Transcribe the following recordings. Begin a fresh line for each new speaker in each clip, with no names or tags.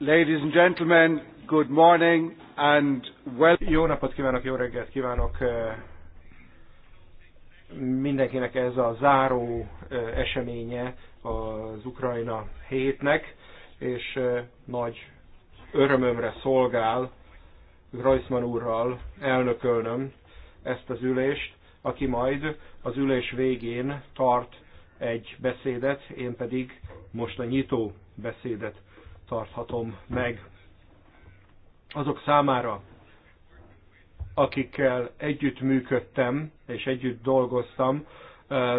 Ladies and gentlemen, good morning and well... Jó napot kívánok, jó reggelt kívánok mindenkinek ez a záró eseménye az Ukrajna hétnek, és nagy örömömre szolgál Grajszman úrral elnökölnöm ezt az ülést, aki majd az ülés végén tart egy beszédet, én pedig most a nyitó beszédet tarthatom meg. Azok számára, akikkel együtt működtem és együtt dolgoztam,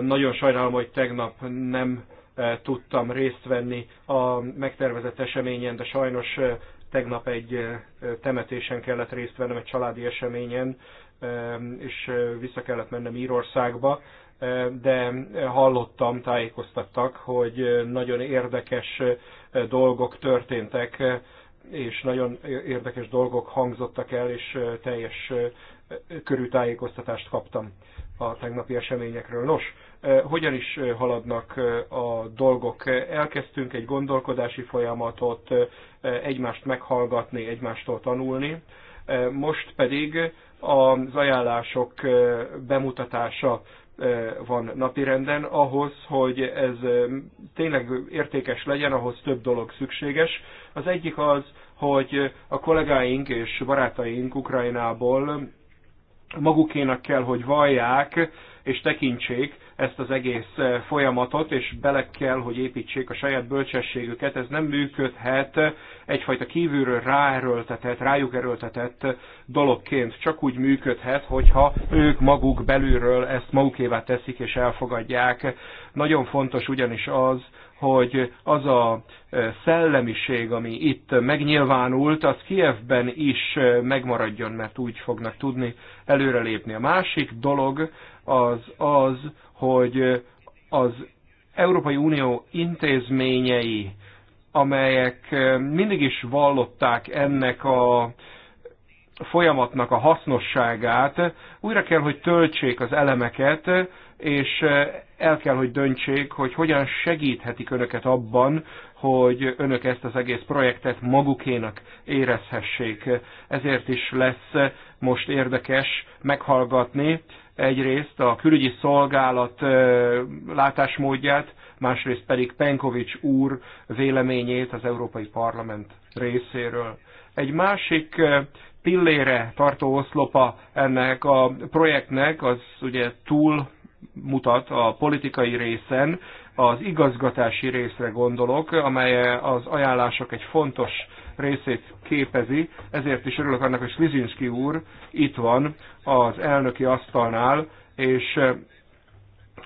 nagyon sajnálom, hogy tegnap nem tudtam részt venni a megtervezett eseményen, de sajnos tegnap egy temetésen kellett részt vennem, egy családi eseményen, és vissza kellett mennem Írországba de hallottam, tájékoztattak, hogy nagyon érdekes dolgok történtek, és nagyon érdekes dolgok hangzottak el, és teljes körű tájékoztatást kaptam a tegnapi eseményekről. Nos, hogyan is haladnak a dolgok? Elkezdtünk egy gondolkodási folyamatot, egymást meghallgatni, egymástól tanulni, most pedig az ajánlások bemutatása van napirenden, ahhoz, hogy ez tényleg értékes legyen, ahhoz több dolog szükséges. Az egyik az, hogy a kollégáink és barátaink Ukrajnából magukénak kell, hogy vallják és tekintsék ezt az egész eh, folyamatot, és bele kell, hogy építsék a saját bölcsességüket. Ez nem működhet egyfajta kívülről ráerőltetett, rájuk erőltetett dologként. Csak úgy működhet, hogyha ők maguk belülről ezt magukévá teszik és elfogadják. Nagyon fontos ugyanis az, hogy az a e, szellemiség, ami itt megnyilvánult, az Kievben is e, megmaradjon, mert úgy fognak tudni előrelépni. A másik dolog az az, hogy az Európai Unió intézményei, amelyek e, mindig is vallották ennek a folyamatnak a hasznosságát, újra kell, hogy töltsék az elemeket, és eh, el kell, hogy döntsék, hogy hogyan segíthetik önöket abban, hogy önök ezt az egész projektet magukénak érezhessék. Ezért is lesz eh, most érdekes meghallgatni egyrészt a külügyi szolgálat eh, látásmódját, másrészt pedig Penkovics úr véleményét az Európai Parlament részéről. Egy másik pillére tartó oszlopa ennek a projektnek az ugye túl mutat a politikai részen, az igazgatási részre gondolok, amely az ajánlások egy fontos részét képezi, ezért is örülök annak, hogy Slizinski úr itt van az elnöki asztalnál, és eh,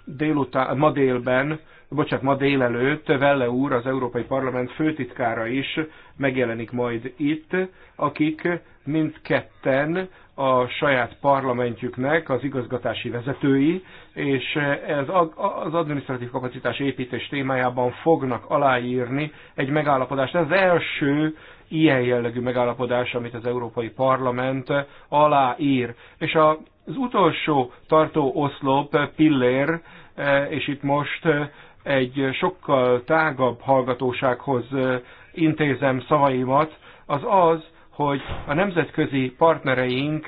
délután, ma délben, bocsánat, ma délelőtt Velle úr, az Európai Parlament főtitkára is megjelenik majd itt, akik mindketten a saját parlamentjüknek az igazgatási vezetői, és ez az adminisztratív kapacitás építés témájában fognak aláírni egy megállapodást. Ez az első ilyen jellegű megállapodás, amit az Európai Parlament aláír. És az utolsó tartó oszlop, pillér, és itt most egy sokkal tágabb hallgatósághoz intézem szavaimat, az az, hogy a nemzetközi partnereink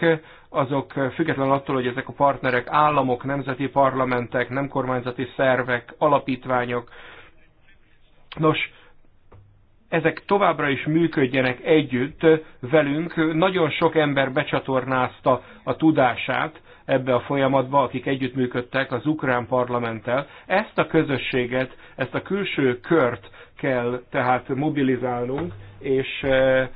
azok független attól, hogy ezek a partnerek államok, nemzeti parlamentek, nem kormányzati szervek, alapítványok. Nos, ezek továbbra is működjenek együtt velünk. Nagyon sok ember becsatornázta a tudását ebbe a folyamatba, akik együttműködtek az ukrán parlamenttel. Ezt a közösséget, ezt a külső kört kell tehát mobilizálnunk, és eh,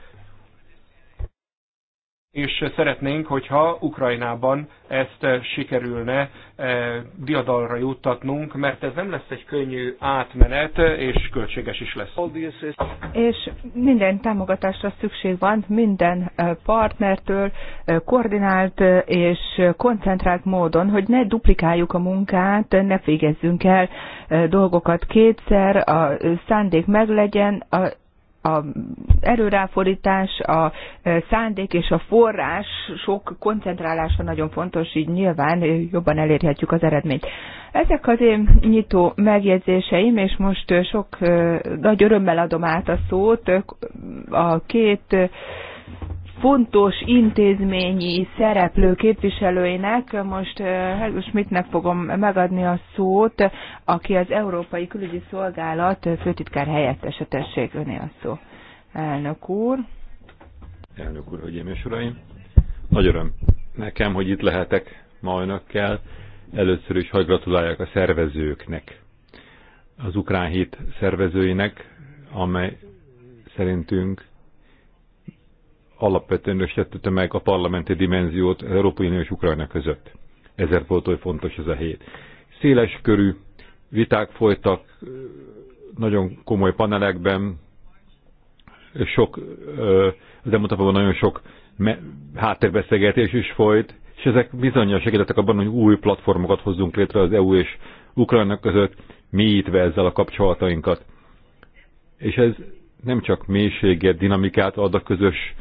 és szeretnénk, hogyha Ukrajnában ezt sikerülne eh, diadalra juttatnunk, mert ez nem lesz egy könnyű átmenet, és költséges is lesz.
És minden támogatásra szükség van, minden eh, partnertől eh, koordinált és koncentrált módon, hogy ne duplikáljuk a munkát, ne végezzünk el dolgokat kétszer, a szándék meglegyen, a erőráfordítás, a e, szándék és a forrás sok koncentrálása nagyon fontos, így nyilván jobban elérhetjük az eredményt. Ezek az én nyitó megjegyzéseim, és most e, sok e, nagy örömmel adom át a szót a két fontos intézményi szereplő képviselőinek. Most mit eh, Schmidtnek fogom megadni a szót, aki az Európai Külügyi Szolgálat főtitkár helyettese. Tessék, öné a szó. Elnök úr.
Elnök úr, hölgyeim és uraim. Nagy öröm nekem, hogy itt lehetek ma önökkel. Először is hagy gratuláljak a szervezőknek, az Ukrán hét szervezőinek, amely szerintünk alapvetően összetette meg a parlamenti dimenziót az Európai Unió és Ukrajna között. Ezért volt oly fontos ez a hét. Széles körű viták folytak nagyon komoly panelekben, sok, az elmúlt nagyon sok háttérbeszélgetés is folyt, és ezek bizonyos segítettek abban, hogy új platformokat hozzunk létre az EU és Ukrajna között, mélyítve ezzel a kapcsolatainkat. És ez nem csak mélységet, dinamikát ad a közös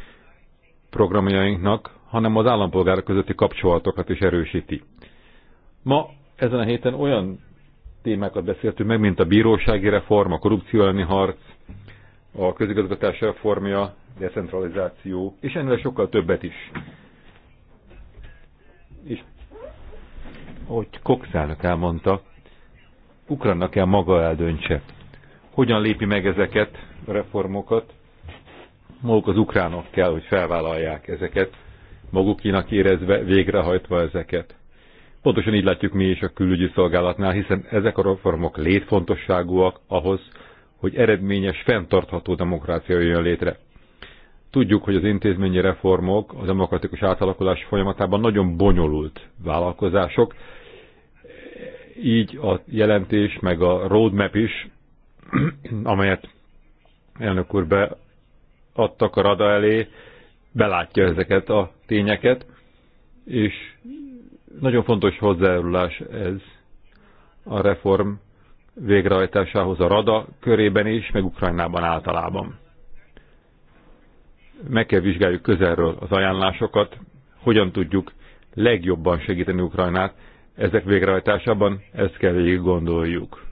programjainknak, hanem az állampolgárok közötti kapcsolatokat is erősíti. Ma ezen a héten olyan témákat beszéltünk meg, mint a bírósági reform, a korrupció elleni harc, a közigazgatás reformja, decentralizáció, és ennél sokkal többet is. És ahogy Cox elnök elmondta, Ukrannak kell maga eldöntse, hogyan lépi meg ezeket a reformokat, maguk az ukránok kell, hogy felvállalják ezeket, magukinak érezve, végrehajtva ezeket. Pontosan így látjuk mi is a külügyi szolgálatnál, hiszen ezek a reformok létfontosságúak ahhoz, hogy eredményes, fenntartható demokrácia jöjjön létre. Tudjuk, hogy az intézményi reformok a demokratikus átalakulás folyamatában nagyon bonyolult vállalkozások, így a jelentés, meg a roadmap is, amelyet elnök úr be adtak a rada elé, belátja ezeket a tényeket, és nagyon fontos hozzájárulás ez a reform végrehajtásához a rada körében is, meg Ukrajnában általában. Meg kell vizsgáljuk közelről az ajánlásokat, hogyan tudjuk legjobban segíteni Ukrajnát ezek végrehajtásában, ezt kell végig gondoljuk.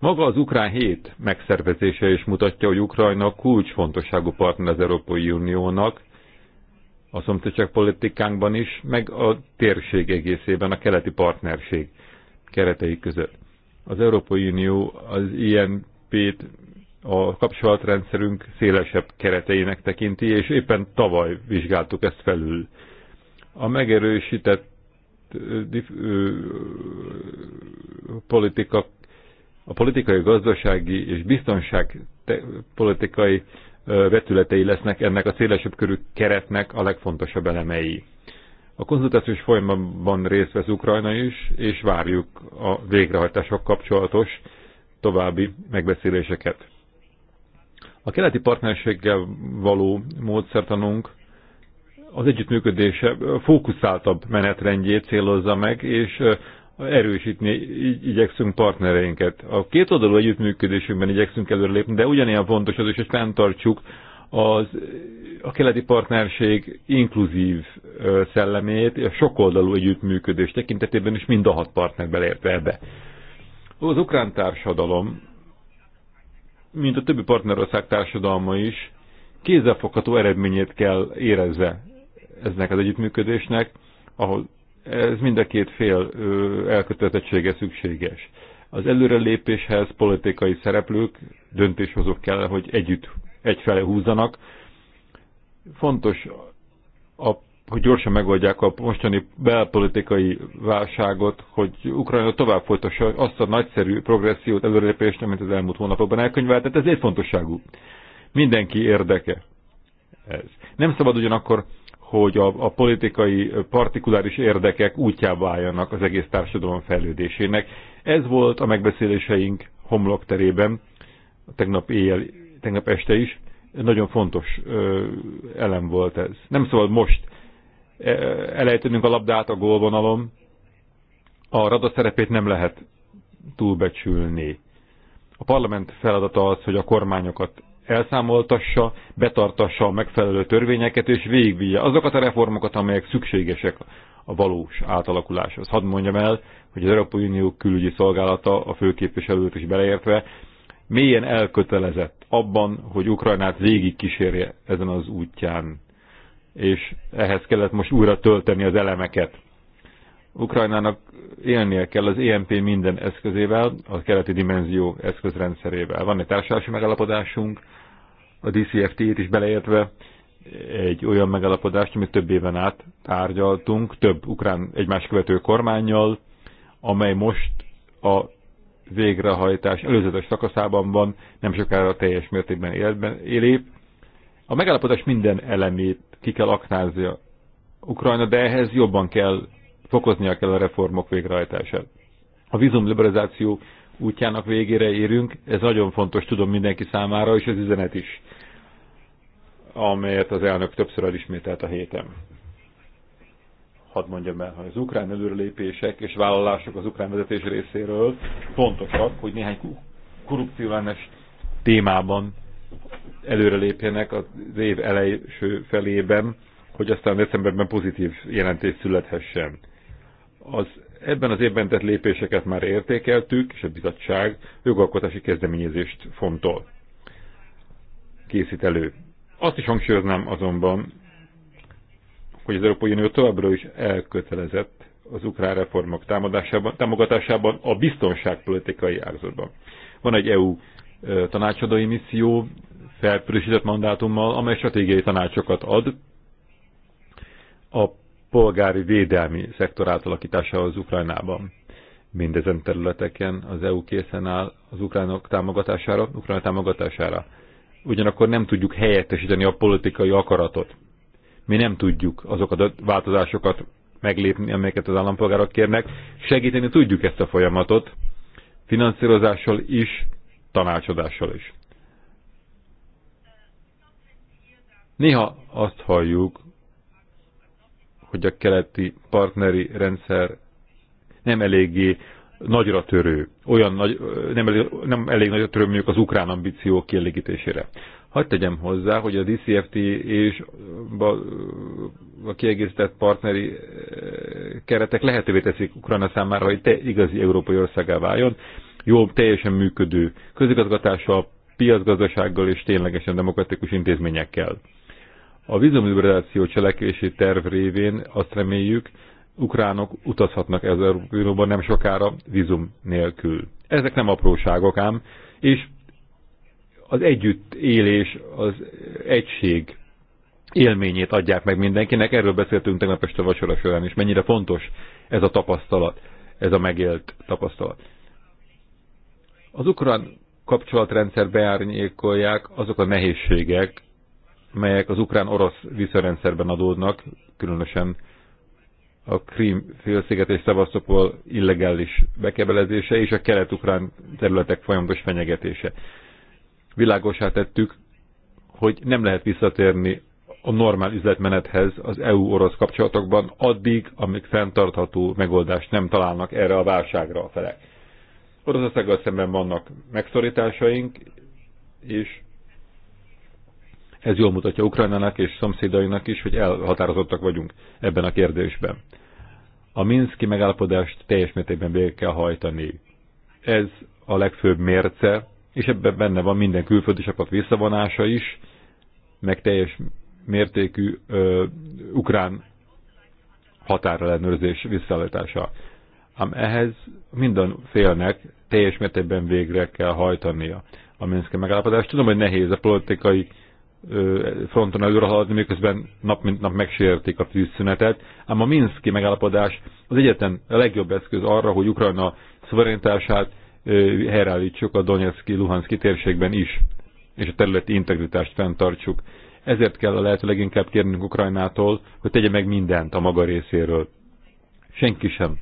Maga az Ukrán hét megszervezése is mutatja, hogy Ukrajna kulcsfontosságú partner az Európai Uniónak, a szomszédság politikánkban is, meg a térség egészében, a keleti partnerség keretei között. Az Európai Unió az ilyen, t a kapcsolatrendszerünk szélesebb kereteinek tekinti, és éppen tavaly vizsgáltuk ezt felül. A megerősített politika a politikai, gazdasági és biztonságpolitikai vetületei lesznek ennek a szélesebb körű keretnek a legfontosabb elemei. A konzultációs folyamatban részt vesz Ukrajna is, és várjuk a végrehajtások kapcsolatos további megbeszéléseket. A keleti partnerséggel való módszertanunk az együttműködése fókuszáltabb menetrendjét célozza meg, és erősíteni így igyekszünk partnereinket. A két oldalú együttműködésünkben igyekszünk előrelépni, de ugyanilyen fontos az is, hogy fenntartsuk az, a keleti partnerség inkluzív szellemét, a sokoldalú együttműködés tekintetében is mind a hat partner beleértve ebbe. Az ukrán társadalom, mint a többi partnerország társadalma is, kézzelfogható eredményét kell érezze eznek az együttműködésnek, ahol ez mind a két fél elkötelezettsége szükséges. Az előrelépéshez politikai szereplők, döntéshozók kell, hogy együtt egyfele húzzanak. Fontos, a, hogy gyorsan megoldják a mostani belpolitikai válságot, hogy Ukrajna tovább folytassa azt a nagyszerű progressziót, előrelépést, amit az elmúlt hónapokban elkönyvelt. Tehát ez fontosságú. Mindenki érdeke ez. Nem szabad ugyanakkor hogy a, a politikai partikuláris érdekek útjába álljanak az egész társadalom fejlődésének. Ez volt a megbeszéléseink homlokterében, tegnap éjjel, tegnap este is. Nagyon fontos ö, elem volt ez. Nem szabad most e, elejtenünk a labdát a gólvonalon, a rada szerepét nem lehet túlbecsülni. A parlament feladata az, hogy a kormányokat elszámoltassa, betartassa a megfelelő törvényeket, és végvigye azokat a reformokat, amelyek szükségesek a valós átalakuláshoz. Hadd mondjam el, hogy az Európai Unió külügyi szolgálata, a főképviselőt is beleértve, mélyen elkötelezett abban, hogy Ukrajnát végig kísérje ezen az útján. És ehhez kellett most újra tölteni az elemeket. Ukrajnának élnie kell az EMP minden eszközével, a keleti dimenzió eszközrendszerével. Van egy társadalmi megállapodásunk, a DCFT-t is beleértve egy olyan megalapodást, amit több éven át tárgyaltunk, több ukrán egymás követő kormányjal, amely most a végrehajtás előzetes szakaszában van, nem sokára teljes mértékben életben élép. A megállapodás minden elemét ki kell a Ukrajna, de ehhez jobban kell, fokoznia kell a reformok végrehajtását. A liberalizáció útjának végére érünk, ez nagyon fontos, tudom mindenki számára, és az üzenet is amelyet az elnök többször elismételt a héten. Hadd mondjam el, hogy az ukrán előrelépések és vállalások az ukrán vezetés részéről fontosak, hogy néhány korrupcióellenes témában előrelépjenek az év elejső felében, hogy aztán decemberben pozitív jelentés születhessen. Az ebben az évben tett lépéseket már értékeltük, és a bizottság jogalkotási kezdeményezést fontol. Készít elő azt is hangsúlyoznám azonban, hogy az Európai Unió továbbra is elkötelezett az ukrán reformok támadásában, támogatásában a biztonságpolitikai ágazatban. Van egy EU tanácsadói misszió, felpörösített mandátummal, amely stratégiai tanácsokat ad a polgári védelmi szektor átalakításához Ukrajnában. Mindezen területeken az EU készen áll az ukránok támogatására, ukrán támogatására ugyanakkor nem tudjuk helyettesíteni a politikai akaratot. Mi nem tudjuk azokat a változásokat meglépni, amelyeket az állampolgárok kérnek. Segíteni tudjuk ezt a folyamatot, finanszírozással is, tanácsadással is. Néha azt halljuk, hogy a keleti partneri rendszer nem eléggé nagyra törő, olyan nagy, nem, elég, nem elég nagyra törő mondjuk az ukrán ambíciók kielégítésére. Hadd tegyem hozzá, hogy a DCFT és a kiegészített partneri eh, keretek lehetővé teszik Ukrajna számára, hogy te igazi európai országá váljon, jó teljesen működő közigazgatással, piacgazdasággal és ténylegesen demokratikus intézményekkel. A vízumliberáció cselekvési terv révén azt reméljük, ukránok utazhatnak ez a nem sokára vízum nélkül. Ezek nem apróságok ám, és az együtt élés, az egység élményét adják meg mindenkinek. Erről beszéltünk tegnap este vacsora során is, mennyire fontos ez a tapasztalat, ez a megélt tapasztalat. Az ukrán kapcsolatrendszer beárnyékolják azok a nehézségek, melyek az ukrán-orosz viszonyrendszerben adódnak, különösen a Krím félsziget és Szevasztopol illegális bekebelezése és a kelet-ukrán területek folyamatos fenyegetése. Világosá tettük, hogy nem lehet visszatérni a normál üzletmenethez az EU-orosz kapcsolatokban addig, amíg fenntartható megoldást nem találnak erre a válságra a felek. Oroszországgal szemben vannak megszorításaink, és ez jól mutatja Ukrajnának és szomszédainak is, hogy elhatározottak vagyunk ebben a kérdésben. A Minszki megállapodást teljes mértékben végig kell hajtani. Ez a legfőbb mérce, és ebben benne van minden külföldi csapat visszavonása is, meg teljes mértékű ö, ukrán határellenőrzés visszaállítása. Ám ehhez minden félnek teljes mértékben végre kell hajtania a Minszki megállapodást. Tudom, hogy nehéz a politikai fronton előre haladni, miközben nap mint nap megsértik a tűzszünetet. Ám a Minszki megállapodás az egyetlen a legjobb eszköz arra, hogy Ukrajna szuverenitását helyreállítsuk a Donetszki, Luhanszki térségben is, és a területi integritást fenntartsuk. Ezért kell a lehető leginkább kérnünk Ukrajnától, hogy tegye meg mindent a maga részéről. Senki sem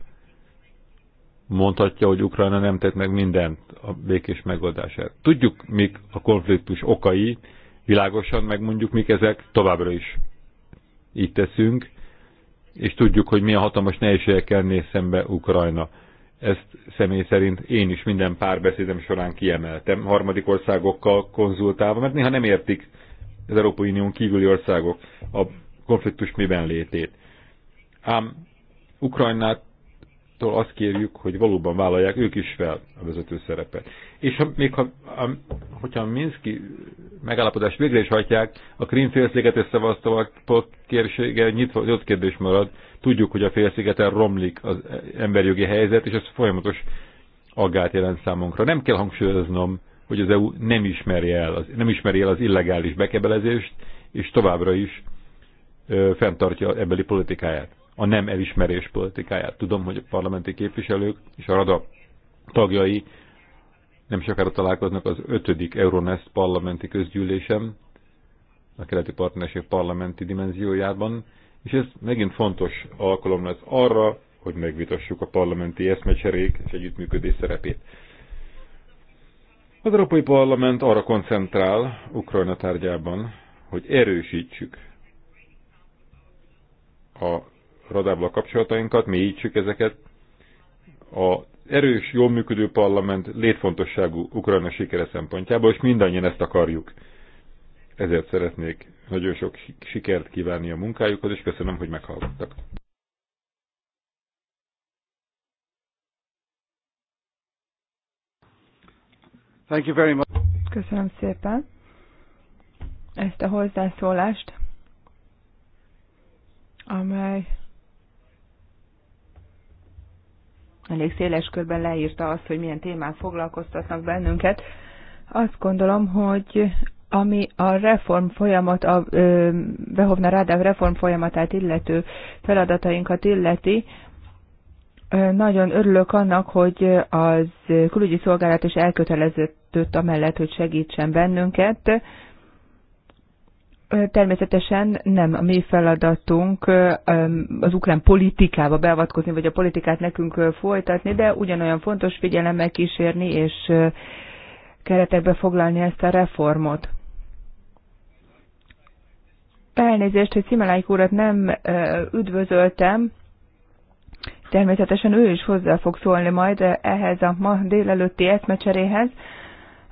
mondhatja, hogy Ukrajna nem tett meg mindent a békés megoldását. Tudjuk, mik a konfliktus okai, világosan megmondjuk, mik ezek, továbbra is így teszünk, és tudjuk, hogy milyen hatalmas nehézségekkel néz szembe Ukrajna. Ezt személy szerint én is minden párbeszédem során kiemeltem, harmadik országokkal konzultálva, mert néha nem értik az Európai Unión kívüli országok a konfliktus miben létét. Ám Ukrajnát kormánytól azt kérjük, hogy valóban vállalják ők is fel a vezető szerepet. És ha, még ha, a, hogyha a Minszki megállapodást végre is hagyják, a Krim félsziget összevasztalatok kérsége nyitva, ott kérdés marad. Tudjuk, hogy a félszigeten romlik az emberjogi helyzet, és ez folyamatos aggát jelent számunkra. Nem kell hangsúlyoznom, hogy az EU nem ismeri el az, nem ismeri el az illegális bekebelezést, és továbbra is ö, fenntartja ebbeli politikáját a nem elismerés politikáját. Tudom, hogy a parlamenti képviselők és a Rada tagjai nem sokára találkoznak az ötödik Euronest parlamenti közgyűlésem, a keleti partnerség parlamenti dimenziójában, és ez megint fontos alkalom lesz arra, hogy megvitassuk a parlamenti eszmecserék és együttműködés szerepét. Az Európai Parlament arra koncentrál Ukrajna tárgyában, hogy erősítsük a radárval a kapcsolatainkat, mélyítsük ezeket. A erős, jól működő parlament létfontosságú Ukrajna sikere szempontjából, és mindannyian ezt akarjuk. Ezért szeretnék nagyon sok sikert kívánni a munkájukhoz, és köszönöm, hogy meghallgattak. Thank you very much.
Köszönöm szépen ezt a hozzászólást, amely elég széles körben leírta azt, hogy milyen témák foglalkoztatnak bennünket. Azt gondolom, hogy ami a reform folyamat, a Behovna Rádáv reform folyamatát illető feladatainkat illeti, nagyon örülök annak, hogy az külügyi szolgálat is a amellett, hogy segítsen bennünket. Természetesen nem a mi feladatunk az ukrán politikába beavatkozni, vagy a politikát nekünk folytatni, de ugyanolyan fontos figyelemmel kísérni és keretekbe foglalni ezt a reformot. Elnézést, hogy Szimelájk úrat nem üdvözöltem, természetesen ő is hozzá fog szólni majd ehhez a ma délelőtti eszmecseréhez.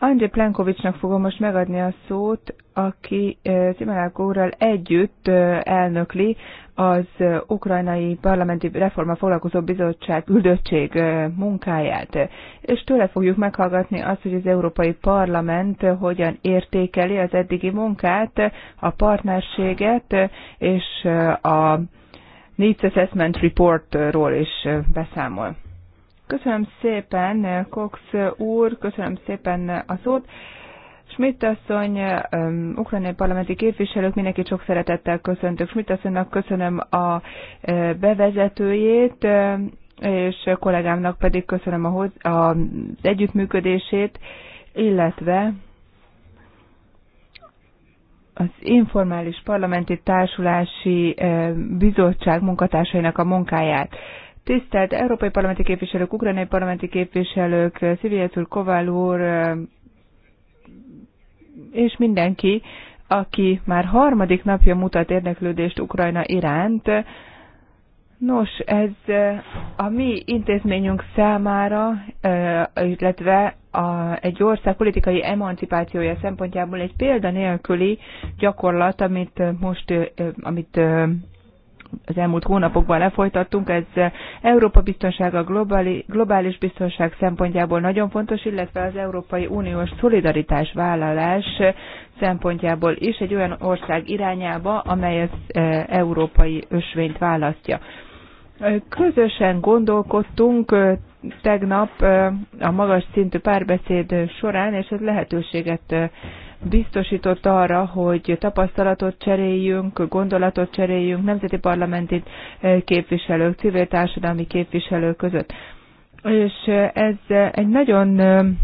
Andrzej Plenkovicsnak fogom most megadni a szót, aki Cimelák eh, úrral együtt eh, elnökli az eh, ukrajnai parlamenti reforma foglalkozó bizottság üldöttség munkáját. És tőle fogjuk meghallgatni azt, hogy az Európai Parlament hogyan értékeli az eddigi munkát, a partnerséget és a Needs Assessment Reportról is beszámol. Köszönöm szépen, Cox úr, köszönöm szépen a szót. Schmidt asszony, ukrajnai parlamenti képviselők, mindenki sok szeretettel köszöntök. Schmidt asszonynak köszönöm a bevezetőjét, és kollégámnak pedig köszönöm az együttműködését, illetve az informális parlamenti társulási bizottság munkatársainak a munkáját. Tisztelt Európai Parlamenti Képviselők, Ukrajnai Parlamenti Képviselők, Sziviec Kovál úr, eh, és mindenki, aki már harmadik napja mutat érdeklődést Ukrajna iránt. Nos, ez eh, a mi intézményünk számára, eh, illetve a, egy ország politikai emancipációja szempontjából egy példa nélküli gyakorlat, amit most amit az elmúlt hónapokban lefolytattunk. Ez Európa biztonsága, globális, biztonság szempontjából nagyon fontos, illetve az Európai Uniós szolidaritás vállalás szempontjából is egy olyan ország irányába, amely az e, európai ösvényt választja. E, közösen gondolkodtunk e, tegnap a magas szintű párbeszéd során, és ez lehetőséget biztosított arra, hogy tapasztalatot cseréljünk, gondolatot cseréljünk nemzeti parlamenti eh, képviselők, civil társadalmi képviselők között. És eh, ez eh, egy nagyon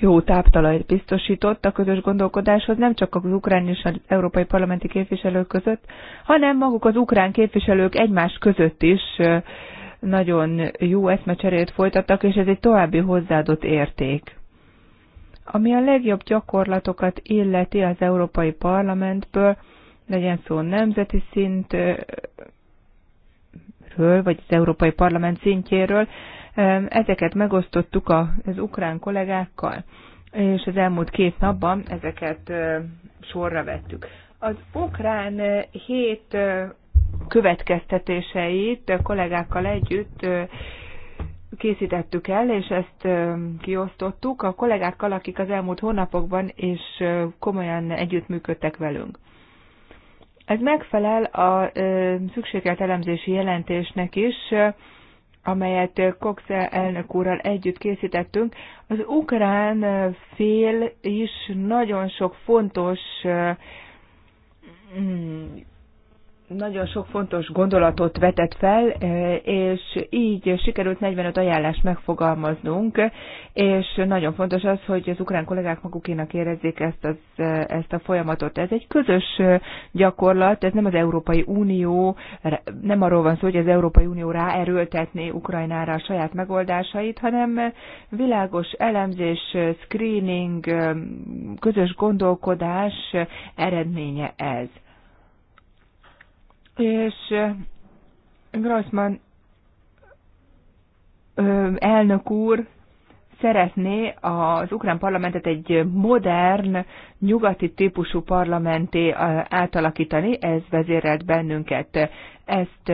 jó táptalajt biztosított a közös gondolkodáshoz, nem csak az ukrán és az európai parlamenti képviselők között, hanem maguk az ukrán képviselők egymás között is nagyon jó eszmecserét folytattak, és ez egy további hozzáadott érték. Ami a legjobb gyakorlatokat illeti az Európai Parlamentből, legyen szó nemzeti szintről, vagy az Európai Parlament szintjéről, ezeket megosztottuk az ukrán kollégákkal, és az elmúlt két napban ezeket sorra vettük. Az ukrán hét következtetéseit kollégákkal együtt készítettük el, és ezt kiosztottuk a kollégákkal, akik az elmúlt hónapokban és komolyan együttműködtek velünk. Ez megfelel a szükségelt elemzési jelentésnek is, amelyet Cox elnök úrral együtt készítettünk. Az ukrán fél is nagyon sok fontos mm, nagyon sok fontos gondolatot vetett fel, eh, és így sikerült 45 ajánlást megfogalmaznunk, és nagyon fontos az, hogy az ukrán kollégák magukénak érezzék ezt, az, eh, ezt a folyamatot. Ez egy közös eh, gyakorlat, ez nem az Európai Unió, nem arról van szó, hogy az Európai Unió ráerőltetné Ukrajnára a saját megoldásait, hanem világos elemzés, screening, közös gondolkodás eredménye ez és Grossman elnök úr szeretné az ukrán parlamentet egy modern, nyugati típusú parlamenté átalakítani, ez vezérelt bennünket. Ezt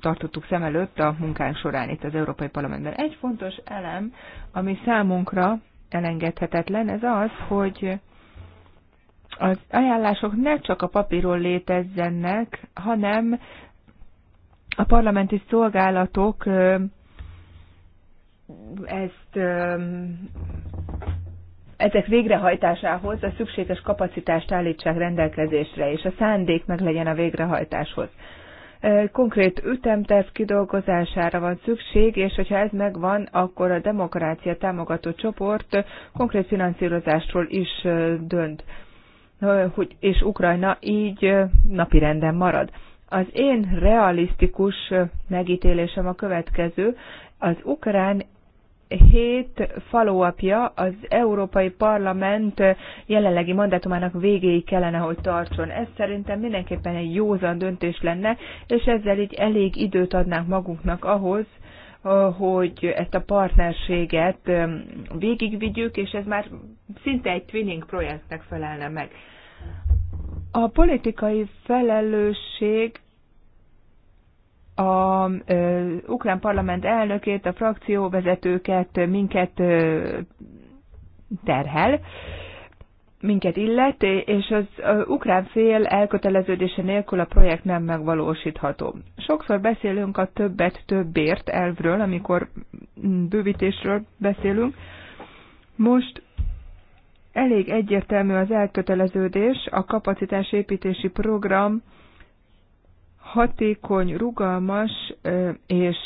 tartottuk szem előtt a munkánk során itt az Európai Parlamentben. Egy fontos elem, ami számunkra elengedhetetlen, ez az, hogy az ajánlások ne csak a papíron létezzenek, hanem a parlamenti szolgálatok ezt ezek végrehajtásához a szükséges kapacitást állítsák rendelkezésre, és a szándék meg legyen a végrehajtáshoz. Konkrét ütemterv kidolgozására van szükség, és hogyha ez megvan, akkor a demokrácia támogató csoport konkrét finanszírozásról is dönt hogy, és Ukrajna így napirenden marad. Az én realisztikus megítélésem a következő, az ukrán hét falóapja az Európai Parlament jelenlegi mandátumának végéig kellene, hogy tartson. Ez szerintem mindenképpen egy józan döntés lenne, és ezzel így elég időt adnánk magunknak ahhoz, hogy ezt a partnerséget végigvigyük, és ez már szinte egy twinning projektnek felelne meg. A politikai felelősség a ö, ukrán parlament elnökét, a frakcióvezetőket, minket ö, terhel minket illet, és az ukrán fél elköteleződése nélkül a projekt nem megvalósítható. Sokszor beszélünk a többet többért elvről, amikor bővítésről beszélünk. Most elég egyértelmű az elköteleződés, a kapacitásépítési program hatékony, rugalmas és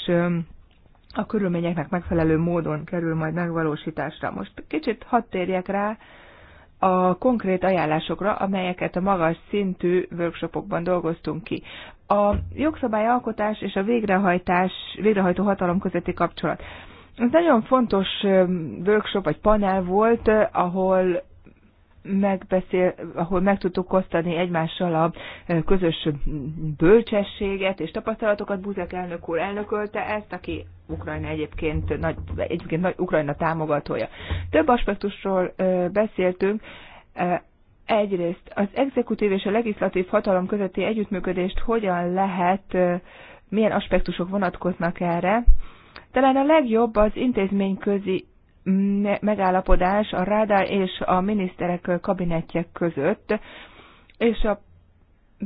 a körülményeknek megfelelő módon kerül majd megvalósításra. Most kicsit hadd térjek rá a konkrét ajánlásokra, amelyeket a magas szintű workshopokban dolgoztunk ki. A jogszabályalkotás és a végrehajtás, végrehajtó hatalom közötti kapcsolat. Ez nagyon fontos workshop vagy panel volt, ahol megbeszél, ahol meg tudtuk osztani egymással a eh, közös bölcsességet és tapasztalatokat. Buzek elnök úr elnökölte ezt, aki Ukrajna egyébként nagy, egyébként nagy Ukrajna támogatója. Több aspektusról eh, beszéltünk. Eh, egyrészt az exekutív és a legislatív hatalom közötti együttműködést hogyan lehet, milyen aspektusok vonatkoznak erre. Talán a legjobb az intézményközi megállapodás a Ráda és a miniszterek kabinetje között, és a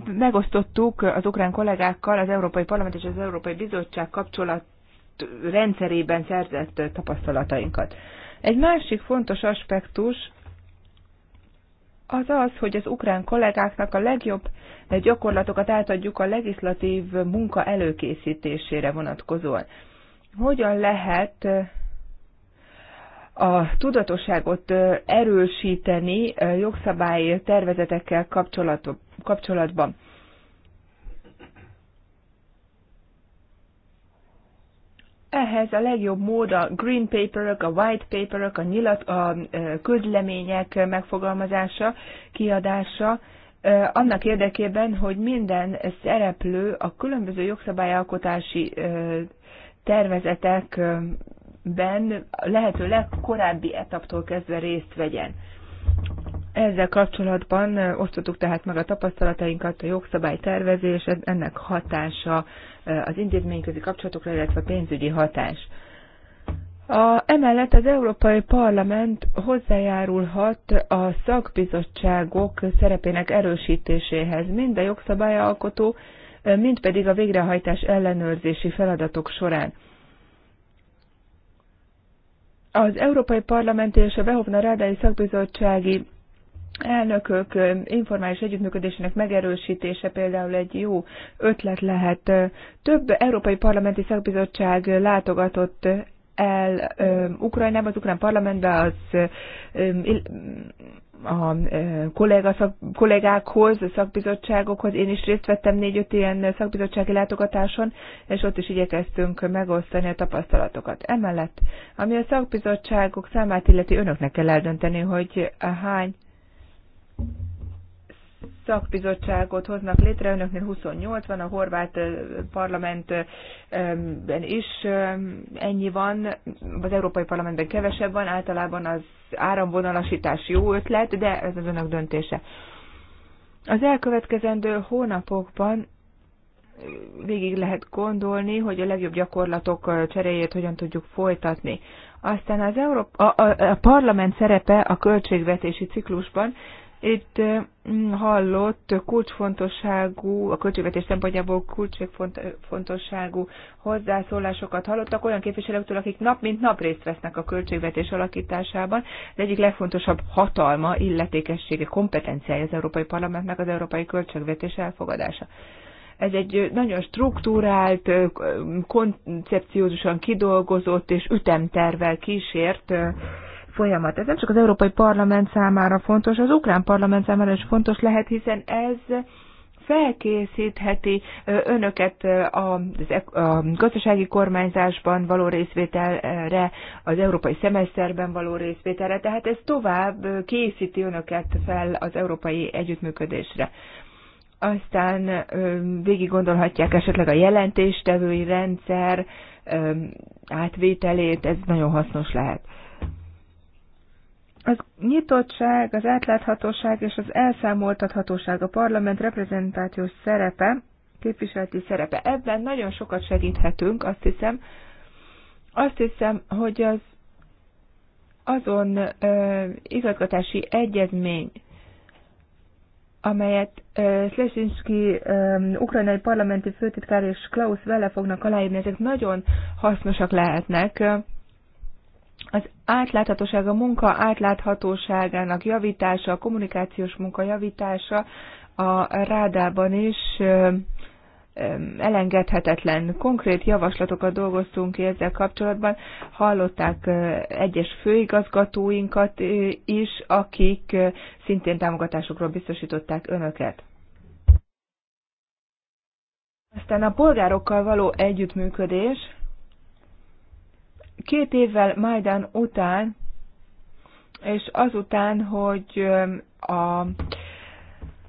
megosztottuk az ukrán kollégákkal az Európai Parlament és az Európai Bizottság kapcsolat rendszerében szerzett tapasztalatainkat. Egy másik fontos aspektus az az, hogy az ukrán kollégáknak a legjobb gyakorlatokat átadjuk a legislatív munka előkészítésére vonatkozóan. Hogyan lehet a tudatosságot erősíteni jogszabály tervezetekkel kapcsolatban. Ehhez a legjobb mód a green paperök, a white paperök, a, nyilat, a közlemények megfogalmazása, kiadása, annak érdekében, hogy minden szereplő a különböző jogszabályalkotási tervezetek ben lehető legkorábbi etaptól kezdve részt vegyen. Ezzel kapcsolatban osztottuk tehát meg a tapasztalatainkat, a jogszabálytervezés, ennek hatása az intézményközi kapcsolatokra, illetve a pénzügyi hatás. A, emellett az Európai Parlament hozzájárulhat a szakbizottságok szerepének erősítéséhez, mind a jogszabályalkotó, mind pedig a végrehajtás ellenőrzési feladatok során. Az Európai Parlament és a Behovna Rádai Szakbizottsági elnökök informális együttműködésének megerősítése például egy jó ötlet lehet. Több európai parlamenti szakbizottság látogatott el Ukrajnába, az ukrán parlamentbe, az a e, kolléga, kollégákhoz, a szakbizottságokhoz. Én is részt vettem négy-öt ilyen szakbizottsági látogatáson, és ott is igyekeztünk megosztani a tapasztalatokat. Emellett, ami a szakbizottságok számát illeti, önöknek kell eldönteni, hogy hány szakbizottságot hoznak létre, önöknél 28 van, a horvát parlamentben is ennyi van, az Európai Parlamentben kevesebb van, általában az áramvonalasítás jó ötlet, de ez az önök döntése. Az elkövetkezendő hónapokban végig lehet gondolni, hogy a legjobb gyakorlatok cseréjét hogyan tudjuk folytatni. Aztán az Európa, a, a, a parlament szerepe a költségvetési ciklusban itt mm, hallott kulcsfontosságú, a költségvetés szempontjából kulcsfontosságú hozzászólásokat hallottak olyan képviselőktől, akik nap mint nap részt vesznek a költségvetés alakításában. Az egyik legfontosabb hatalma, illetékessége, kompetenciája az Európai Parlamentnek az európai költségvetés elfogadása ez egy nagyon struktúrált, koncepciózusan kidolgozott és ütemtervel kísért folyamat. Ez nem csak az Európai Parlament számára fontos, az Ukrán Parlament számára is fontos lehet, hiszen ez felkészítheti önöket a, gazdasági kormányzásban való részvételre, az európai szemeszterben való részvételre, tehát ez tovább készíti önöket fel az európai együttműködésre. Aztán végig gondolhatják esetleg a jelentéstevői rendszer átvételét, ez nagyon hasznos lehet. Az nyitottság, az átláthatóság és az elszámoltathatóság a parlament reprezentációs szerepe, képviseleti szerepe. Ebben nagyon sokat segíthetünk, azt hiszem. Azt hiszem, hogy az azon ö, igazgatási egyezmény, amelyet Szlesinski ukrajnai parlamenti főtitkár és Klaus Vele fognak aláírni, ezek nagyon hasznosak lehetnek az átláthatóság, a munka átláthatóságának javítása, a kommunikációs munka javítása a rádában is elengedhetetlen. Konkrét javaslatokat dolgoztunk ki ezzel kapcsolatban. Hallották egyes főigazgatóinkat is, akik szintén támogatásokról biztosították önöket. Aztán a polgárokkal való együttműködés Két évvel Majdán után, és azután, hogy a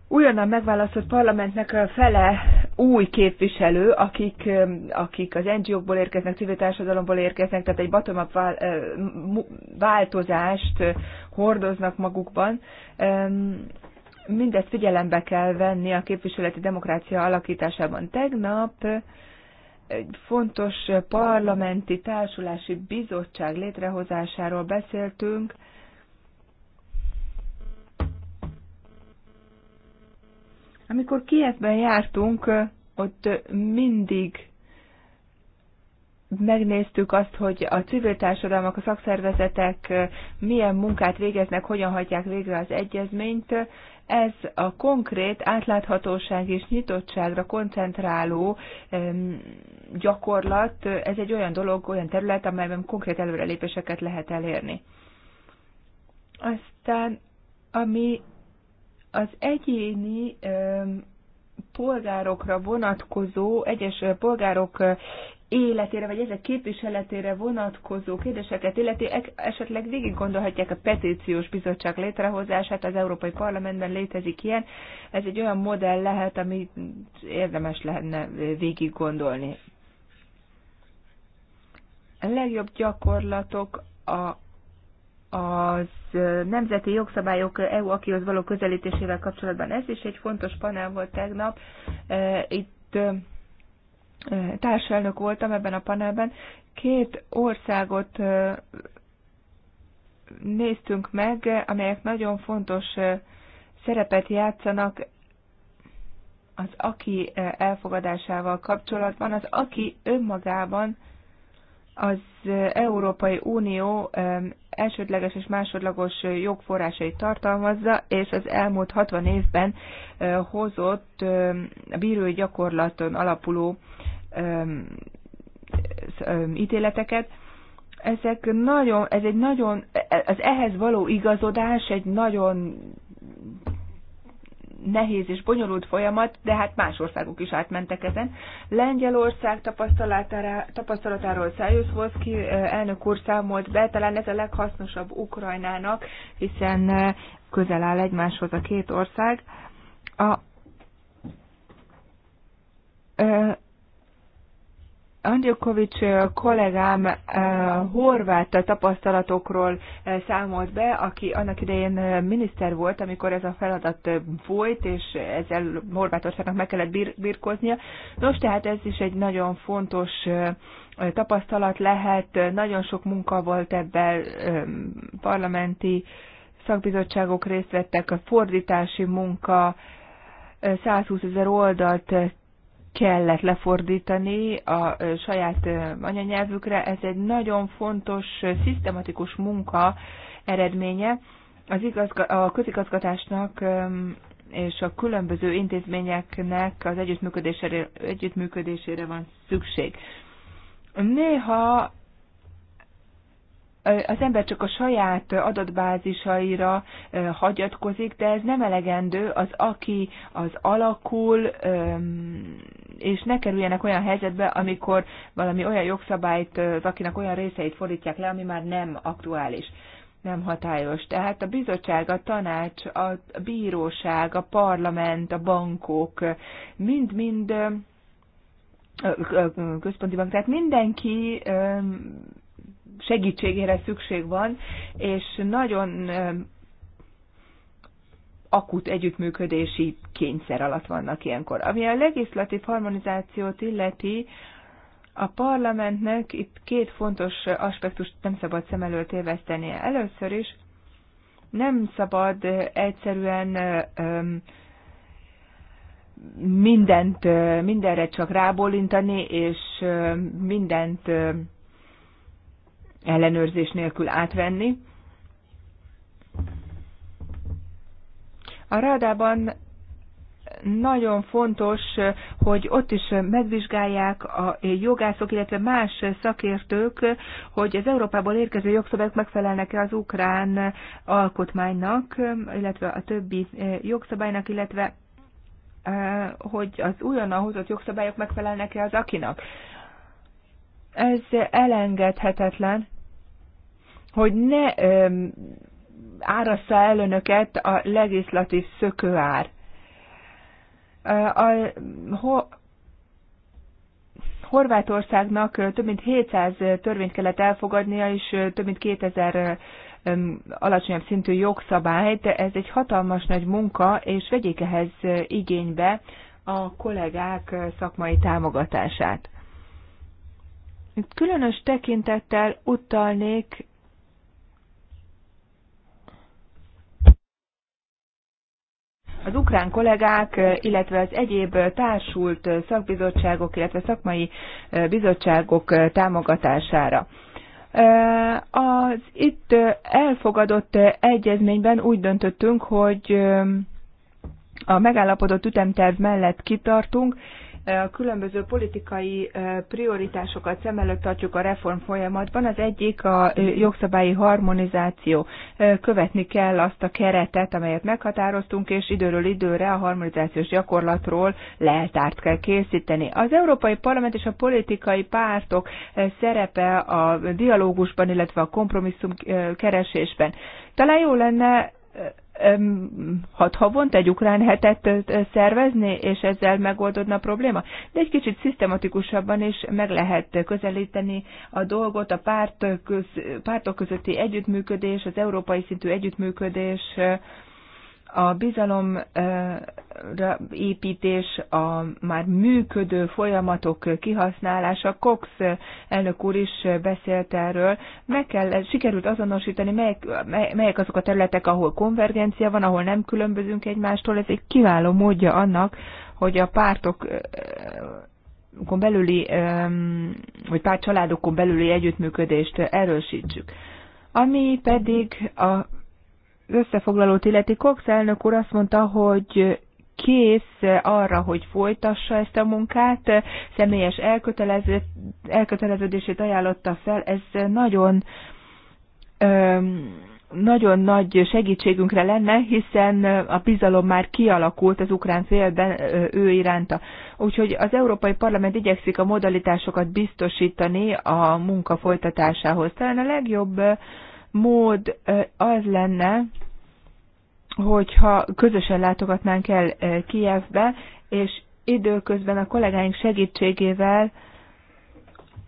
újonnan megválasztott parlamentnek a fele új képviselő, akik, akik az NGO-kból érkeznek, civil társadalomból érkeznek, tehát egy bottom változást hordoznak magukban. Mindezt figyelembe kell venni a képviseleti demokrácia alakításában. Tegnap egy fontos parlamenti társulási bizottság létrehozásáról beszéltünk, Amikor Kievben jártunk, ott mindig megnéztük azt, hogy a civil társadalmak, a szakszervezetek milyen munkát végeznek, hogyan hagyják végre az egyezményt, ez a konkrét átláthatóság és nyitottságra koncentráló gyakorlat, ez egy olyan dolog, olyan terület, amelyben konkrét előrelépéseket lehet elérni. Aztán, ami az egyéni polgárokra vonatkozó, egyes polgárok életére, vagy ezek képviseletére vonatkozó kérdéseket illeti, esetleg végig gondolhatják a petíciós bizottság létrehozását, az Európai Parlamentben létezik ilyen, ez egy olyan modell lehet, amit érdemes lehetne végig gondolni. A legjobb gyakorlatok a az nemzeti jogszabályok EU akihoz való közelítésével kapcsolatban. Ez is egy fontos panel volt tegnap. E, itt társelnök voltam ebben a panelben, két országot néztünk meg, amelyek nagyon fontos szerepet játszanak az aki elfogadásával kapcsolatban. Az aki önmagában az Európai Unió elsődleges és másodlagos jogforrásait tartalmazza, és az elmúlt 60 évben hozott bírói gyakorlaton alapuló ítéleteket. Ezek nagyon, ez egy nagyon, az e, ehhez való igazodás egy nagyon nehéz és bonyolult folyamat, de hát más országok is átmentek ezen. Lengyelország tapasztalatáról Voszki elnök úr számolt be, talán ez a leghasznosabb Ukrajnának, hiszen közel áll egymáshoz a két ország. A Andjukovics kollégám horvát tapasztalatokról számolt be, aki annak idején miniszter volt, amikor ez a feladat folyt, és ezzel Horvátországnak meg kellett bir- birkoznia. Nos, tehát ez is egy nagyon fontos tapasztalat lehet, nagyon sok munka volt ebben parlamenti szakbizottságok részt vettek, a fordítási munka, 120 ezer oldalt kellett lefordítani a saját anyanyelvükre. Ez egy nagyon fontos, szisztematikus munka eredménye. Az igazga- a közigazgatásnak és a különböző intézményeknek az együttműködésére, együttműködésére van szükség. Néha az ember csak a saját adatbázisaira hagyatkozik, de ez nem elegendő. Az, aki az alakul, és ne kerüljenek olyan helyzetbe, amikor valami olyan jogszabályt, az akinek olyan részeit fordítják le, ami már nem aktuális nem hatályos. Tehát a bizottság, a tanács, a bíróság, a parlament, a bankok, mind-mind központi bank, tehát mindenki segítségére szükség van, és nagyon akut együttműködési kényszer alatt vannak ilyenkor. Ami a legislatív harmonizációt illeti, a parlamentnek itt két fontos aspektust nem szabad szem előtt évesztenie. Először is nem szabad egyszerűen mindent, mindenre csak rábólintani, és mindent ellenőrzés nélkül átvenni. A rádában nagyon fontos, hogy ott is megvizsgálják a jogászok, illetve más szakértők, hogy az Európából érkező jogszabályok megfelelnek-e az ukrán alkotmánynak, illetve a többi jogszabálynak, illetve eh, hogy az újonnan hozott jogszabályok megfelelnek-e az akinak. Ez elengedhetetlen, hogy ne árassza el önöket a legislatív szökőár. A, Horvátországnak több mint 700 törvényt kellett elfogadnia, és több mint 2000 alacsonyabb szintű jogszabályt. Ez egy hatalmas nagy munka, és vegyék ehhez igénybe a kollégák szakmai támogatását. Különös tekintettel utalnék Az ukrán kollégák, illetve az egyéb társult szakbizottságok, illetve szakmai bizottságok támogatására. Az itt elfogadott egyezményben úgy döntöttünk, hogy a megállapodott ütemterv mellett kitartunk, a különböző politikai prioritásokat szem előtt tartjuk a reform folyamatban. Az egyik a jogszabályi harmonizáció. Követni kell azt a keretet, amelyet meghatároztunk, és időről időre a harmonizációs gyakorlatról leltárt kell készíteni. Az Európai Parlament és a politikai pártok szerepe a dialógusban, illetve a kompromisszum keresésben. Talán jó lenne hat havonta egy ukrán hetet szervezni, és ezzel megoldódna a probléma. De egy kicsit szisztematikusabban is meg lehet közelíteni a dolgot, a párt köz, pártok közötti együttműködés, az európai szintű együttműködés a bizalomra építés, a már működő folyamatok kihasználása, Cox elnök úr is beszélt erről, meg kell, sikerült azonosítani, melyek, melyek azok a területek, ahol konvergencia van, ahol nem különbözünk egymástól, ez egy kiváló módja annak, hogy a pártok belüli, vagy pár családokon belüli együttműködést erősítsük. Ami pedig a összefoglalót illeti Cox elnök úr azt mondta, hogy kész arra, hogy folytassa ezt a munkát, személyes elköteleződését ajánlotta fel, ez nagyon nagyon nagy segítségünkre lenne, hiszen a bizalom már kialakult az ukrán félben ő iránta. Úgyhogy az Európai Parlament igyekszik a modalitásokat biztosítani a munka folytatásához. Talán a legjobb mód az lenne, hogyha közösen látogatnánk el Kijevbe, és időközben a kollégáink segítségével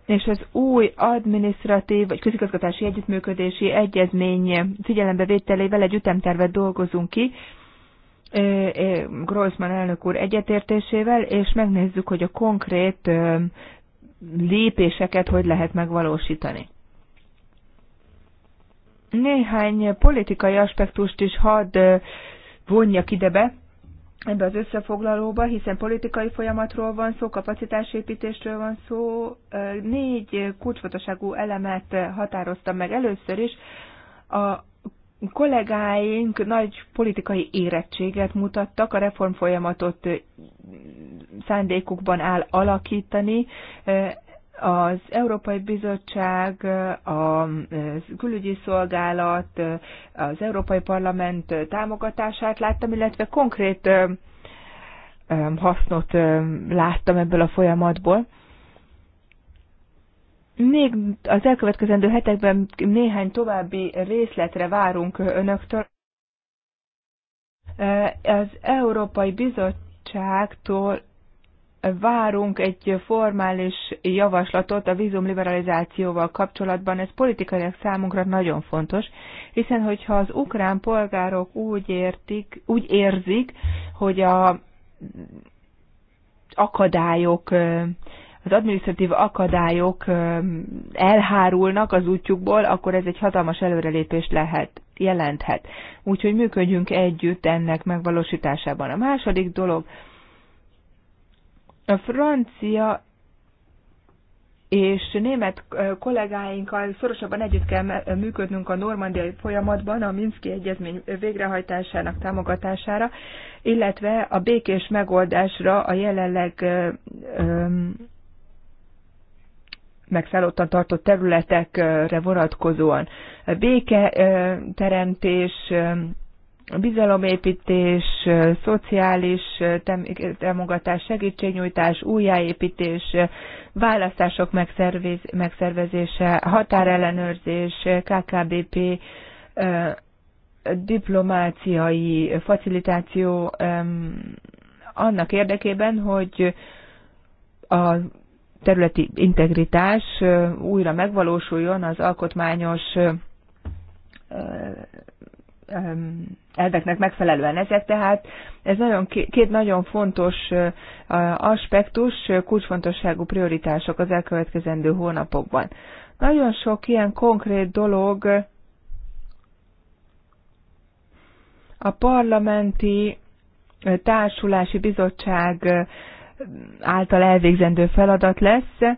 és az új adminisztratív vagy közigazgatási együttműködési egyezmény figyelembe vételével egy ütemtervet dolgozunk ki, Grossman elnök úr egyetértésével, és megnézzük, hogy a konkrét lépéseket hogy lehet megvalósítani. Néhány politikai aspektust is hadd vonjak idebe ebbe az összefoglalóba, hiszen politikai folyamatról van szó, kapacitásépítésről van szó. Négy kulcsfontosságú elemet határoztam meg először is. A kollégáink nagy politikai érettséget mutattak, a reformfolyamatot szándékukban áll alakítani az Európai Bizottság, a külügyi szolgálat, az Európai Parlament támogatását láttam, illetve konkrét hasznot láttam ebből a folyamatból. Még az elkövetkezendő hetekben néhány további részletre várunk önöktől. Az Európai Bizottságtól várunk egy formális javaslatot a vízumliberalizációval kapcsolatban. Ez politikailag számunkra nagyon fontos, hiszen hogyha az ukrán polgárok úgy, értik, úgy érzik, hogy a akadályok, az adminisztratív akadályok elhárulnak az útjukból, akkor ez egy hatalmas előrelépés lehet, jelenthet. Úgyhogy működjünk együtt ennek megvalósításában. A második dolog, a francia és német kollégáinkkal szorosabban együtt kell működnünk a normandiai folyamatban a Minszki Egyezmény végrehajtásának támogatására, illetve a békés megoldásra a jelenleg megszállottan tartott területekre vonatkozóan. Béke teremtés, bizalomépítés, szociális támogatás, segítségnyújtás, újjáépítés, választások megszervez, megszervezése, határellenőrzés, KKBP, diplomáciai facilitáció annak érdekében, hogy a területi integritás újra megvalósuljon az alkotmányos elveknek megfelelően ezek. Tehát ez nagyon, két nagyon fontos aspektus, kulcsfontosságú prioritások az elkövetkezendő hónapokban. Nagyon sok ilyen konkrét dolog a parlamenti társulási bizottság által elvégzendő feladat lesz.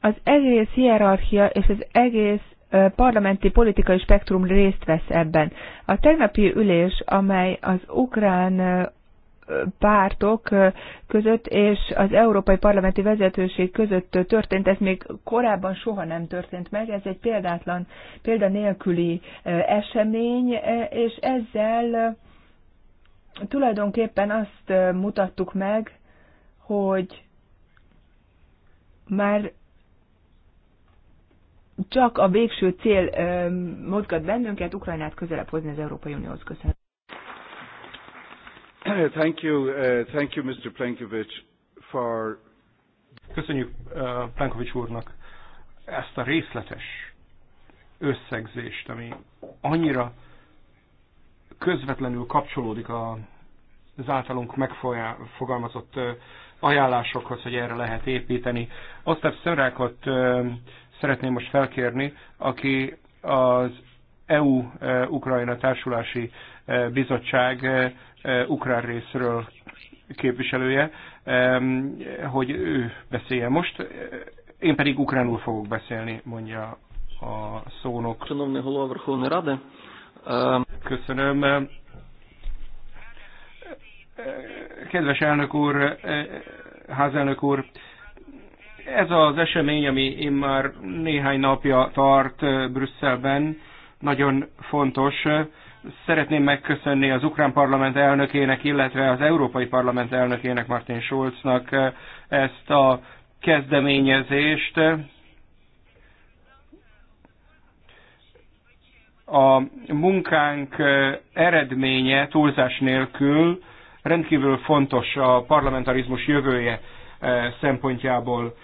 Az egész hierarchia és az egész parlamenti politikai spektrum részt vesz ebben. A tegnapi ülés, amely az ukrán pártok között és az európai parlamenti vezetőség között történt, ez még korábban soha nem történt meg, ez egy példátlan, példanélküli esemény, és ezzel tulajdonképpen azt mutattuk meg, hogy már csak a végső cél mozgat bennünket, Ukrajnát közelebb hozni az Európai Unióhoz. Köszönöm.
Thank you, uh, thank you Mr. Plenkovic for... Köszönjük uh, Plenkovic úrnak ezt a részletes összegzést, ami annyira közvetlenül kapcsolódik a, az általunk megfogalmazott uh, ajánlásokhoz, hogy erre lehet építeni. szörákat uh, szeretném most felkérni, aki az EU-Ukrajna e, Társulási e, Bizottság e, ukrán részről képviselője, hogy ő beszélje most. Én pedig ukránul fogok beszélni, mondja a szónok. Köszönöm. Kedves elnök úr, házelnök úr, ez az esemény, ami már néhány napja tart eh, Brüsszelben, nagyon fontos. Szeretném megköszönni az ukrán parlament elnökének, illetve az európai parlament elnökének, Martin Schulznak eh, ezt a kezdeményezést. A munkánk eh, eredménye túlzás nélkül rendkívül fontos a parlamentarizmus jövője szempontjából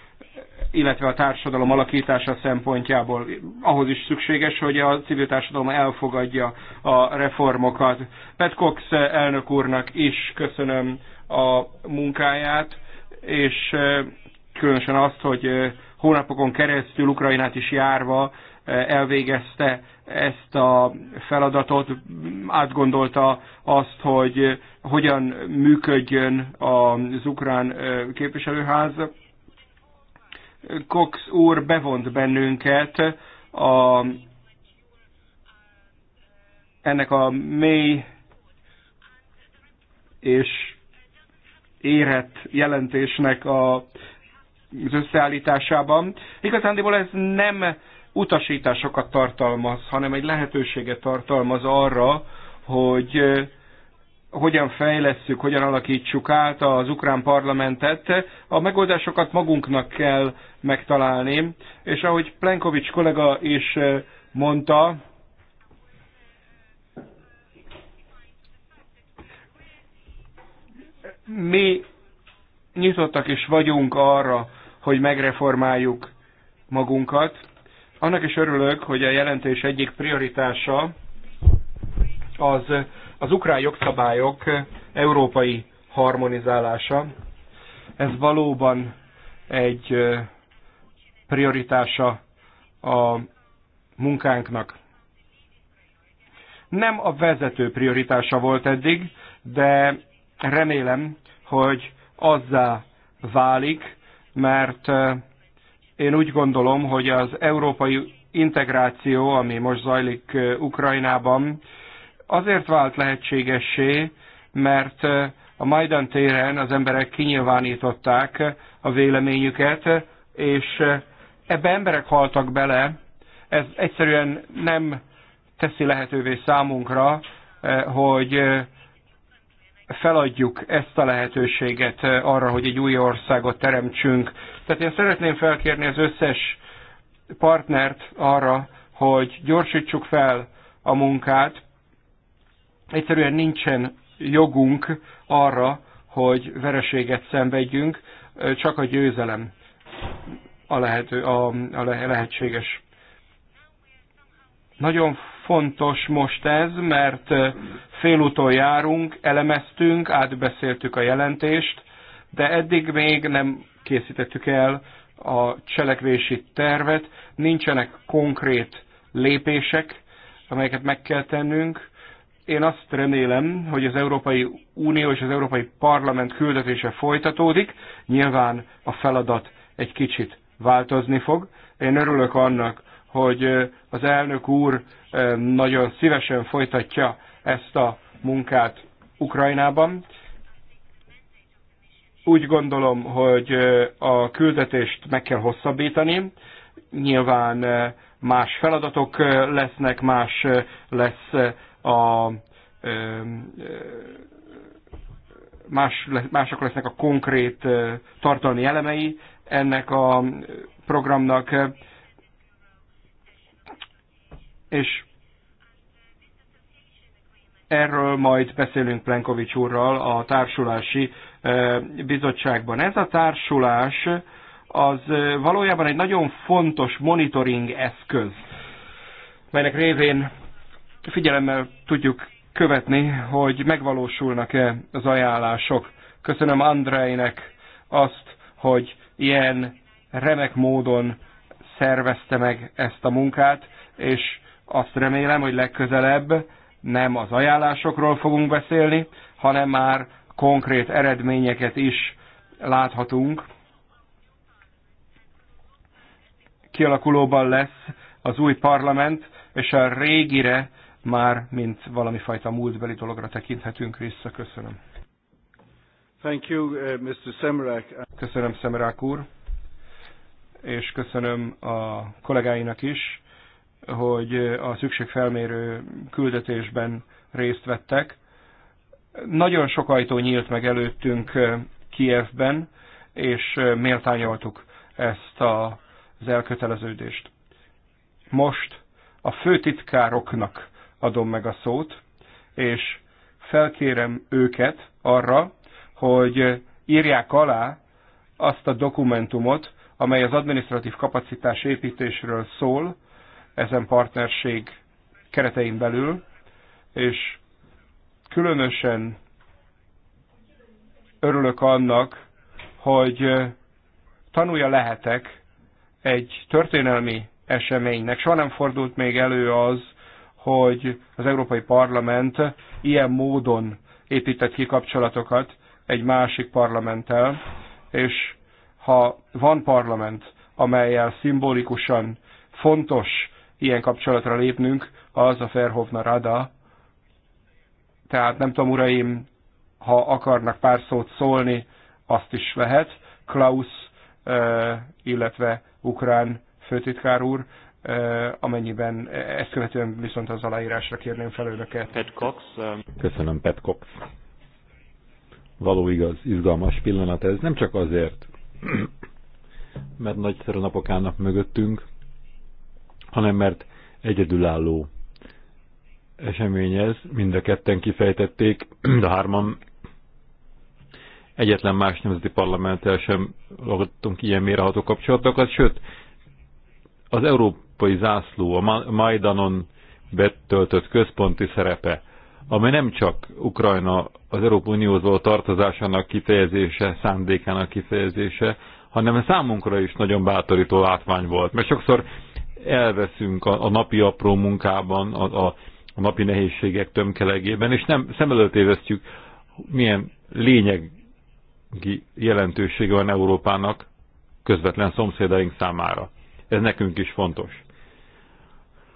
illetve a társadalom alakítása szempontjából. Ahhoz is szükséges, hogy a civil társadalom elfogadja a reformokat. Pet Cox elnök úrnak is köszönöm a munkáját, és eh, különösen azt, hogy eh, hónapokon keresztül Ukrajnát is járva eh, elvégezte ezt a feladatot, átgondolta azt, hogy hogyan működjön az ukrán képviselőház, Cox úr bevont bennünket a, ennek a mély és érett jelentésnek a, az összeállításában. Igazándiból ez nem utasításokat tartalmaz, hanem egy lehetőséget tartalmaz arra, hogy hogyan fejlesszük, hogyan alakítsuk át az ukrán parlamentet, a megoldásokat magunknak kell megtalálni, és ahogy Plenkovics kollega is eh, mondta, mi nyitottak is vagyunk arra, hogy megreformáljuk magunkat. Annak is örülök, hogy a jelentés egyik prioritása az az ukrán jogszabályok európai harmonizálása. Ez valóban egy prioritása a munkánknak. Nem a vezető prioritása volt eddig, de remélem, hogy azzá válik, mert én úgy gondolom, hogy az európai integráció, ami most zajlik Ukrajnában, azért vált lehetségessé, mert a Majdan téren az emberek kinyilvánították a véleményüket, és ebbe emberek haltak bele, ez egyszerűen nem teszi lehetővé számunkra, hogy feladjuk ezt a lehetőséget arra, hogy egy új országot teremtsünk. Tehát én szeretném felkérni az összes partnert arra, hogy gyorsítsuk fel a munkát, egyszerűen nincsen jogunk arra, hogy vereséget szenvedjünk, csak a győzelem a, lehető, a, a lehetséges. Nagyon fontos most ez, mert félúton járunk, elemeztünk, átbeszéltük a jelentést, de eddig még nem készítettük el a cselekvési tervet, nincsenek konkrét lépések, amelyeket meg kell tennünk, én azt remélem, hogy az Európai Unió és az Európai Parlament küldetése folytatódik. Nyilván a feladat egy kicsit változni fog. Én örülök annak, hogy az elnök úr nagyon szívesen folytatja ezt a munkát Ukrajnában. Úgy gondolom, hogy a küldetést meg kell hosszabbítani. Nyilván más feladatok lesznek, más lesz a más, mások lesznek a konkrét tartalmi elemei ennek a programnak, és erről majd beszélünk Plenkovics úrral a társulási bizottságban. Ez a társulás az valójában egy nagyon fontos monitoring eszköz, melynek révén figyelemmel tudjuk követni, hogy megvalósulnak-e az ajánlások. Köszönöm Andrejnek azt, hogy ilyen remek módon szervezte meg ezt a munkát, és azt remélem, hogy legközelebb nem az ajánlásokról fogunk beszélni, hanem már konkrét eredményeket is láthatunk. Kialakulóban lesz az új parlament, és a régire már, mint valami fajta múltbeli dologra tekinthetünk vissza. Köszönöm. Thank you, uh, Mr. Semrak. Köszönöm, Semrak úr, és köszönöm a kollégáinak is, hogy a szükségfelmérő küldetésben részt vettek. Nagyon sok ajtó nyílt meg előttünk uh, Kievben, és uh, méltányoltuk ezt a, az elköteleződést. Most a főtitkároknak adom meg a szót, és felkérem őket arra, hogy írják alá azt a dokumentumot, amely az administratív kapacitás építésről szól, ezen partnerség keretein belül, és különösen örülök annak, hogy tanulja lehetek egy történelmi eseménynek. Soha nem fordult még elő az, hogy az Európai Parlament ilyen módon épített ki kapcsolatokat egy másik parlamenttel, és ha van parlament, amelyel szimbolikusan fontos ilyen kapcsolatra lépnünk, az a Ferhovna Rada. Tehát nem tudom, uraim, ha akarnak pár szót szólni, azt is lehet. Klaus, illetve ukrán főtitkár úr, amennyiben ezt követően viszont az aláírásra kérném fel önöket.
Pet Cox. Köszönöm, Pet Cox. Való igaz, izgalmas pillanat ez. Nem csak azért, mert nagyszerű napok állnak mögöttünk, hanem mert egyedülálló esemény ez. Mind a ketten kifejtették, mind a hárman egyetlen más nemzeti parlamenttel sem lagadtunk ilyen méreható kapcsolatokat, sőt, az Európa európai zászló, a Majdanon betöltött központi szerepe, ami nem csak Ukrajna az Európai Unióhoz való tartozásának kifejezése, szándékának kifejezése, hanem számunkra is nagyon bátorító látvány volt. Mert sokszor elveszünk a, a napi apró munkában, a, a, a napi nehézségek tömkelegében, és nem szem előtt évesztjük, milyen lényegi jelentősége van Európának közvetlen szomszédaink számára. Ez nekünk is fontos.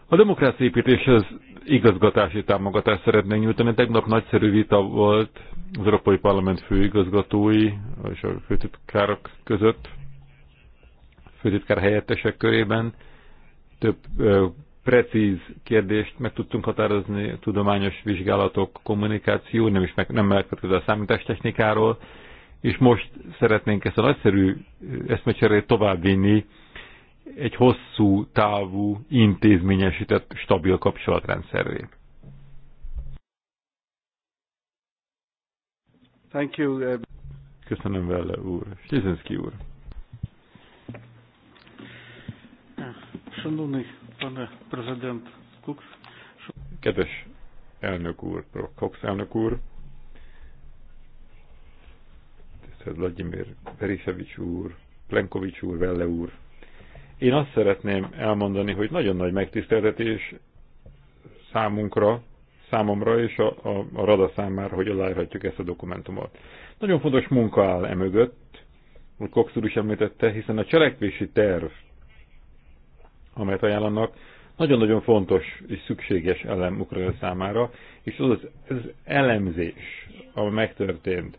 A demokrácia építéshez igazgatási támogatást szeretnénk nyújtani. Tegnap nagyszerű vita volt az Európai Parlament főigazgatói és a főtitkárok között, főtitkár helyettesek körében. Több ö, precíz kérdést meg tudtunk határozni, tudományos vizsgálatok, kommunikáció, nem is meg, nem megkötöző a számítástechnikáról, és most szeretnénk ezt a nagyszerű eszmecserét továbbvinni, egy hosszú távú, intézményesített, stabil kapcsolatrendszerré.
Thank you. Uh,
Köszönöm vele, úr. Stizenszki úr. Шановний пане Kedves elnök úr, Cox elnök úr, tisztelt Vladimir Berisevics úr, Plenkovics úr, Velle úr, én azt szeretném elmondani, hogy nagyon nagy megtiszteltetés számunkra, számomra és a, a, a Rada számára, hogy aláírhatjuk ezt a dokumentumot. Nagyon fontos munka áll emögött, hogy Cox úr is említette, hiszen a cselekvési terv, amelyet ajánlanak, nagyon-nagyon fontos és szükséges elem Ukrajna számára, és az az, az elemzés, ami megtörtént,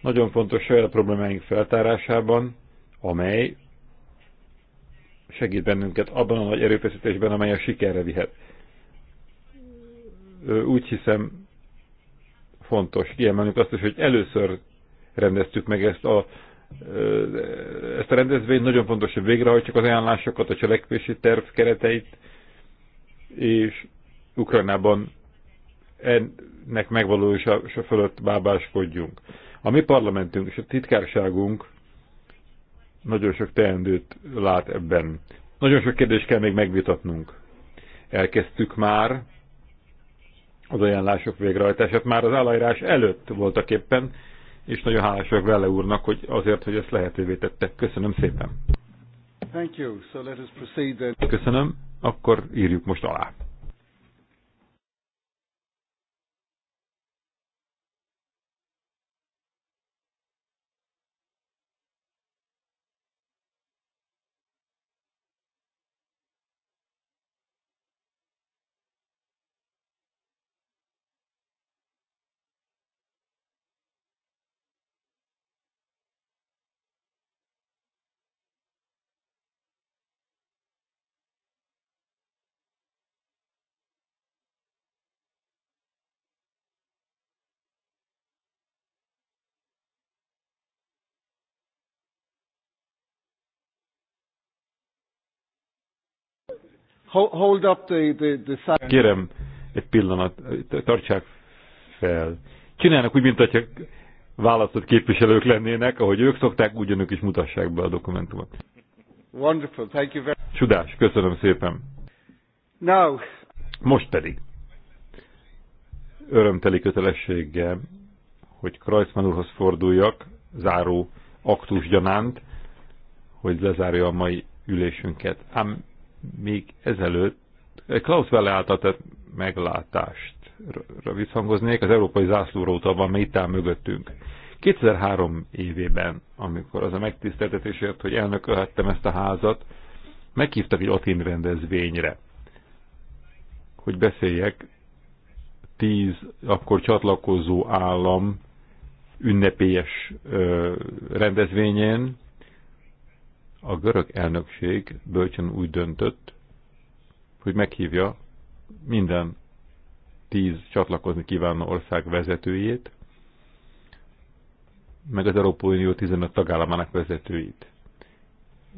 nagyon fontos saját problémáink feltárásában, amely segít bennünket abban a nagy erőfeszítésben, amely a sikerre vihet. Úgy hiszem, fontos kiemelnünk azt is, hogy először rendeztük meg ezt a, ezt a rendezvényt, nagyon fontos, hogy végrehajtsuk az ajánlásokat, a cselekvési terv kereteit, és Ukrajnában ennek megvalósása fölött bábáskodjunk. A mi parlamentünk és a titkárságunk nagyon sok teendőt lát ebben. Nagyon sok kérdést kell még megvitatnunk. Elkezdtük már az ajánlások végrehajtását, már az állajrás előtt voltak éppen, és nagyon hálásak vele úrnak, hogy azért, hogy ezt lehetővé tette. Köszönöm szépen. Thank you. So let us proceed then. Köszönöm. Akkor írjuk most alá. Hold up the, the, the... Kérem, egy pillanat, tartsák fel. Csinálnak úgy, mint hogyha választott képviselők lennének, ahogy ők szokták, ugyanúgy is mutassák be a dokumentumot.
Wonderful, thank you very
much. Csudás, köszönöm szépen. Now. Most pedig. Örömteli kötelességgel, hogy Kreuzmann úrhoz forduljak, záró aktus gyanánt, hogy lezárja a mai ülésünket. Ám még ezelőtt Klaus vele által tett meglátást visszhangoznék, az európai zászlóróta van mert itt mögöttünk. 2003 évében, amikor az a megtiszteltetésért, hogy elnökölhettem ezt a házat, meghívtak egy latin rendezvényre, hogy beszéljek tíz akkor csatlakozó állam ünnepélyes ö, rendezvényén, a görög elnökség bölcsön úgy döntött, hogy meghívja minden tíz csatlakozni kívánó ország vezetőjét, meg az Európai Unió 15 tagállamának vezetőit,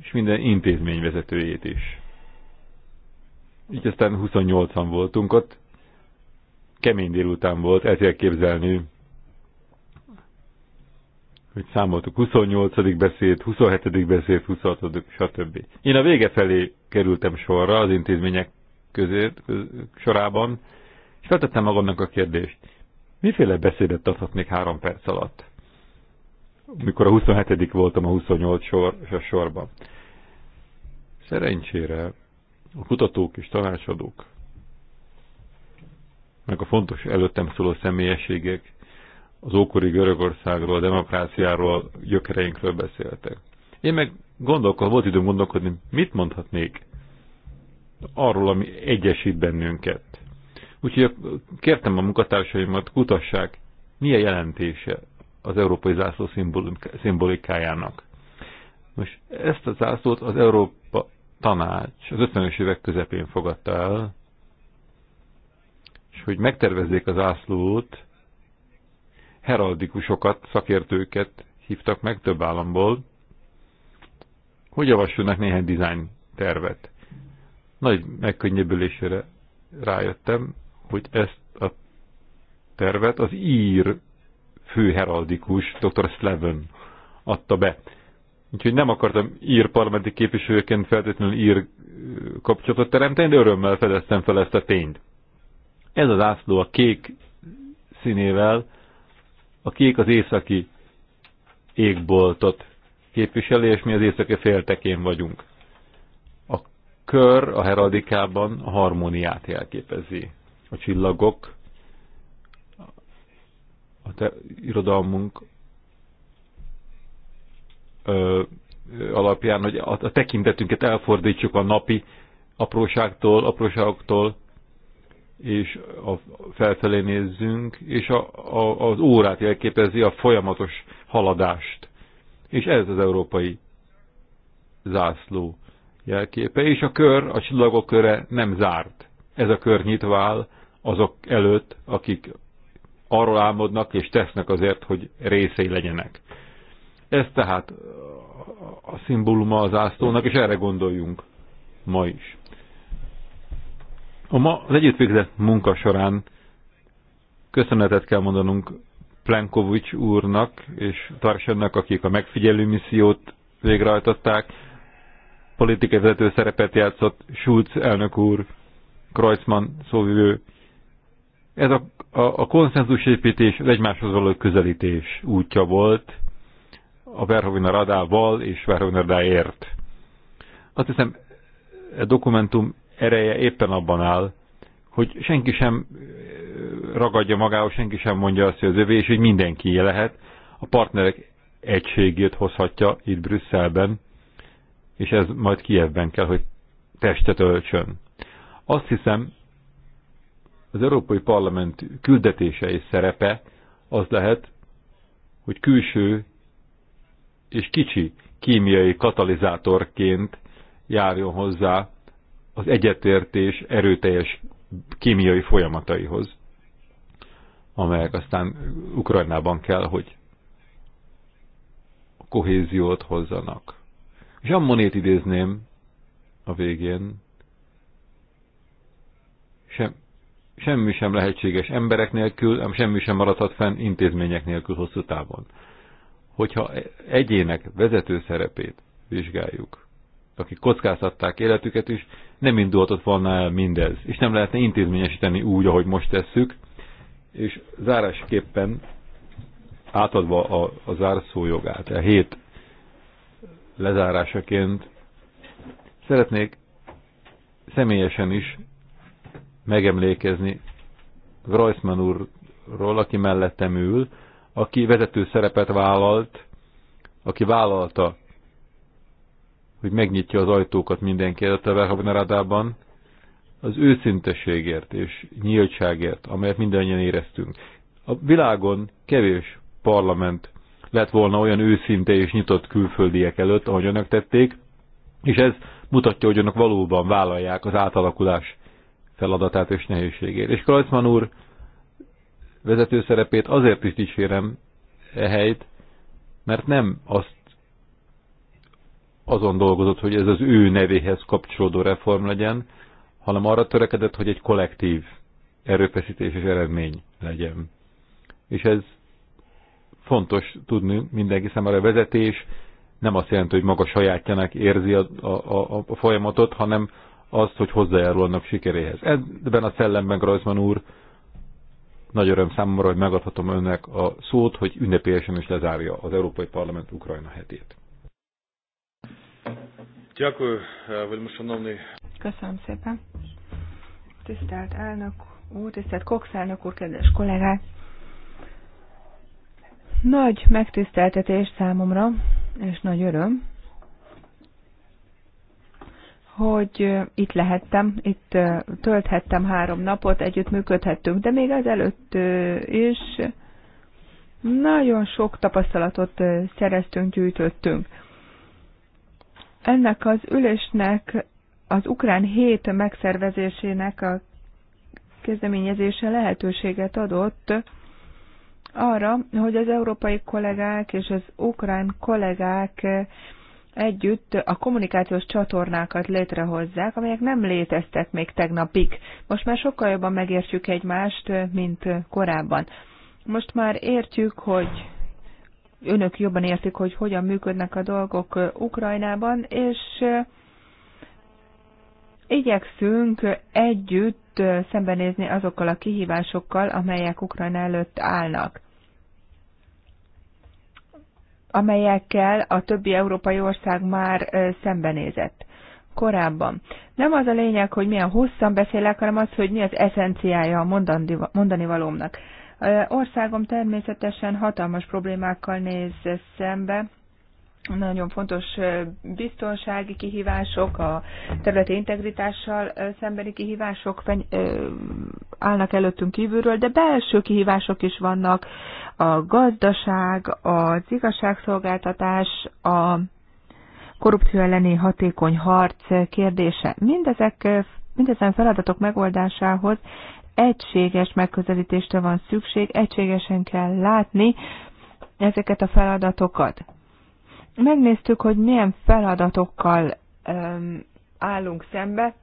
és minden intézmény vezetőjét is. Így aztán 28-an voltunk ott, kemény délután volt, el kell képzelni, hogy számoltuk, 28. beszéd, 27. beszéd, 26. stb. Én a vége felé kerültem sorra az intézmények közé, köz, sorában, és feltettem magamnak a kérdést, miféle beszédet adhatnék három perc alatt? Mikor a 27. voltam a 28 sor, és a sorban. Szerencsére a kutatók és tanácsadók, meg a fontos előttem szóló személyességek az ókori Görögországról, a demokráciáról, gyökereinkről beszéltek. Én meg gondolkod, volt időm gondolkodni, mit mondhatnék arról, ami egyesít bennünket. Úgyhogy kértem a munkatársaimat, kutassák, milyen jelentése az európai zászló szimbolikájának. Most ezt a zászlót az Európa Tanács az 50-es évek közepén fogadta el, és hogy megtervezzék az zászlót, heraldikusokat, szakértőket hívtak meg több államból, hogy javassolnak néhány design tervet. Nagy megkönnyebbülésére rájöttem, hogy ezt a tervet az ír főheraldikus dr. Sleven adta be. Úgyhogy nem akartam ír parlamenti képviselőként feltétlenül ír kapcsolatot teremteni, de örömmel fedeztem fel ezt a tényt. Ez az ászló a kék színével a kék az északi égboltot képviseli, és mi az északi féltekén vagyunk. A kör a heraldikában a harmóniát jelképezi. A csillagok, a te irodalmunk ö, ö, alapján, hogy a, a tekintetünket elfordítsuk a napi apróságtól, apróságoktól és a felfelé nézzünk, és a, a, az órát jelképezi a folyamatos haladást. És ez az európai zászló jelképe, és a kör, a csillagok köre nem zárt. Ez a kör nyitva áll azok előtt, akik arról álmodnak és tesznek azért, hogy részei legyenek. Ez tehát a szimbóluma az ásztónak, és erre gondoljunk ma is. A ma az együtt végzett munka során köszönetet kell mondanunk Plenkovics úrnak és Tarsennak, akik a megfigyelő missziót végrehajtották, politikai vezető szerepet játszott Schulz elnök úr, Kreuzmann szóvivő. Ez a, a, a konszenzusépítés, az egymáshoz való közelítés útja volt a Verhovina Radával és Verhovina Radáért. Azt hiszem, a e dokumentum ereje éppen abban áll, hogy senki sem ragadja magához, senki sem mondja azt, hogy az övé, és hogy mindenki lehet. A partnerek egységét hozhatja itt Brüsszelben, és ez majd Kievben kell, hogy testet öltsön. Azt hiszem, az Európai Parlament küldetése és szerepe az lehet, hogy külső és kicsi kémiai katalizátorként járjon hozzá az egyetértés erőteljes kémiai folyamataihoz, amelyek aztán Ukrajnában kell, hogy a kohéziót hozzanak. Jean Monnet idézném a végén, sem, semmi sem lehetséges emberek nélkül, semmi sem maradhat fenn intézmények nélkül hosszú távon. Hogyha egyének vezető szerepét vizsgáljuk, akik kockáztatták életüket is, nem indulhatott volna el mindez, és nem lehetne intézményesíteni úgy, ahogy most tesszük, és zárásképpen átadva a, a zárszó jogát, a e hét lezárásaként szeretnék személyesen is megemlékezni Reisman úrról, aki mellettem ül, aki vezető szerepet vállalt, aki vállalta hogy megnyitja az ajtókat mindenki a Verhabnerádában, az őszinteségért és nyíltságért, amelyet mindannyian éreztünk. A világon kevés parlament lett volna olyan őszinte és nyitott külföldiek előtt, ahogy önök tették, és ez mutatja, hogy önök valóban vállalják az átalakulás feladatát és nehézségét. És Kreuzmann úr vezető szerepét azért is dicsérem e helyt, mert nem azt azon dolgozott, hogy ez az ő nevéhez kapcsolódó reform legyen, hanem arra törekedett, hogy egy kollektív erőfeszítés és eredmény legyen. És ez fontos tudni mindenki számára a vezetés, nem azt jelenti, hogy maga sajátjának érzi a, a, a, a folyamatot, hanem azt, hogy hozzájárul annak sikeréhez. Ebben a szellemben Grajzman úr nagy öröm számomra, hogy megadhatom önnek a szót, hogy ünnepélyesen is lezárja az Európai Parlament Ukrajna hetét.
Köszönöm szépen. Tisztelt elnök úr, tisztelt Cox elnök úr, kedves kollégák! Nagy megtiszteltetés számomra, és nagy öröm, hogy itt lehettem, itt tölthettem három napot, együtt működhettünk, de még azelőtt is nagyon sok tapasztalatot szereztünk, gyűjtöttünk. Ennek az ülésnek az ukrán hét megszervezésének a kezdeményezése lehetőséget adott arra, hogy az európai kollégák és az ukrán kollégák együtt a kommunikációs csatornákat létrehozzák, amelyek nem léteztek még tegnapig. Most már sokkal jobban megértjük egymást, mint korábban. Most már értjük, hogy önök jobban értik, hogy hogyan működnek a dolgok Ukrajnában, és igyekszünk együtt szembenézni azokkal a kihívásokkal, amelyek Ukrajna előtt állnak amelyekkel a többi európai ország már szembenézett korábban. Nem az a lényeg, hogy milyen hosszan beszélek, hanem az, hogy mi az eszenciája a mondani, mondani valómnak. Országom természetesen hatalmas problémákkal néz szembe, nagyon fontos biztonsági kihívások, a területi integritással szembeni kihívások állnak előttünk kívülről, de belső kihívások is vannak, a gazdaság, az igazságszolgáltatás, a korrupció elleni hatékony harc kérdése. Mindezek, mindezen feladatok megoldásához egységes megközelítésre van szükség, egységesen kell látni ezeket a feladatokat. Megnéztük, hogy milyen feladatokkal um, állunk szembe.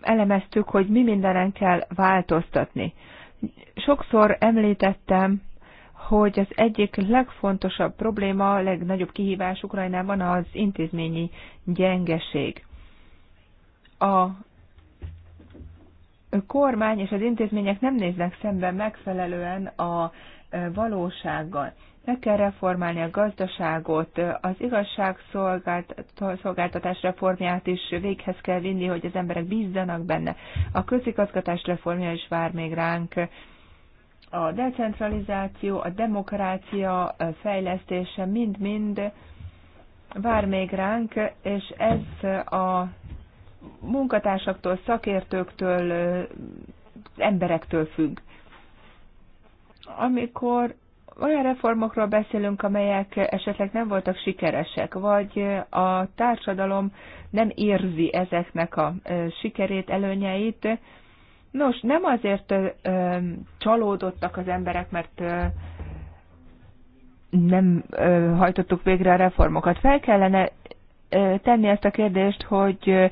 Elemeztük, hogy mi mindenen kell változtatni. Sokszor említettem, hogy az egyik legfontosabb probléma, a legnagyobb kihívás Ukrajnában az intézményi gyengeség. A kormány és az intézmények nem néznek szemben megfelelően a e, valósággal. Meg kell reformálni a gazdaságot, az igazságszolgáltatás reformját is véghez kell vinni, hogy az emberek bízzanak benne. A közigazgatás reformja is vár még ránk. A decentralizáció, a demokrácia fejlesztése mind-mind vár még ránk, és ez a munkatársaktól, szakértőktől, emberektől függ. Amikor olyan reformokról beszélünk, amelyek esetleg nem voltak sikeresek, vagy a társadalom nem érzi ezeknek a sikerét, előnyeit. Nos, nem azért csalódottak az emberek, mert nem hajtottuk végre a reformokat. Fel kellene tenni ezt a kérdést, hogy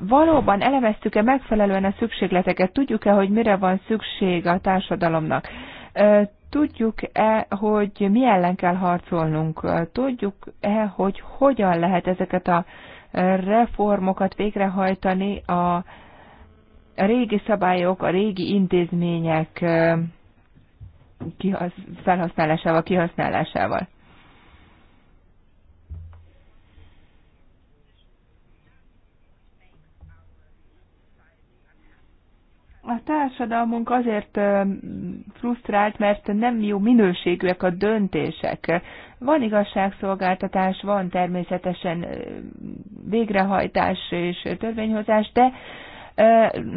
valóban elemeztük-e megfelelően a szükségleteket, tudjuk-e, hogy mire van szükség a társadalomnak, tudjuk-e, hogy mi ellen kell harcolnunk, tudjuk-e, hogy hogyan lehet ezeket a reformokat végrehajtani a régi szabályok, a régi intézmények felhasználásával, kihasználásával. társadalmunk azért frusztrált, mert nem jó minőségűek a döntések. Van igazságszolgáltatás, van természetesen végrehajtás és törvényhozás, de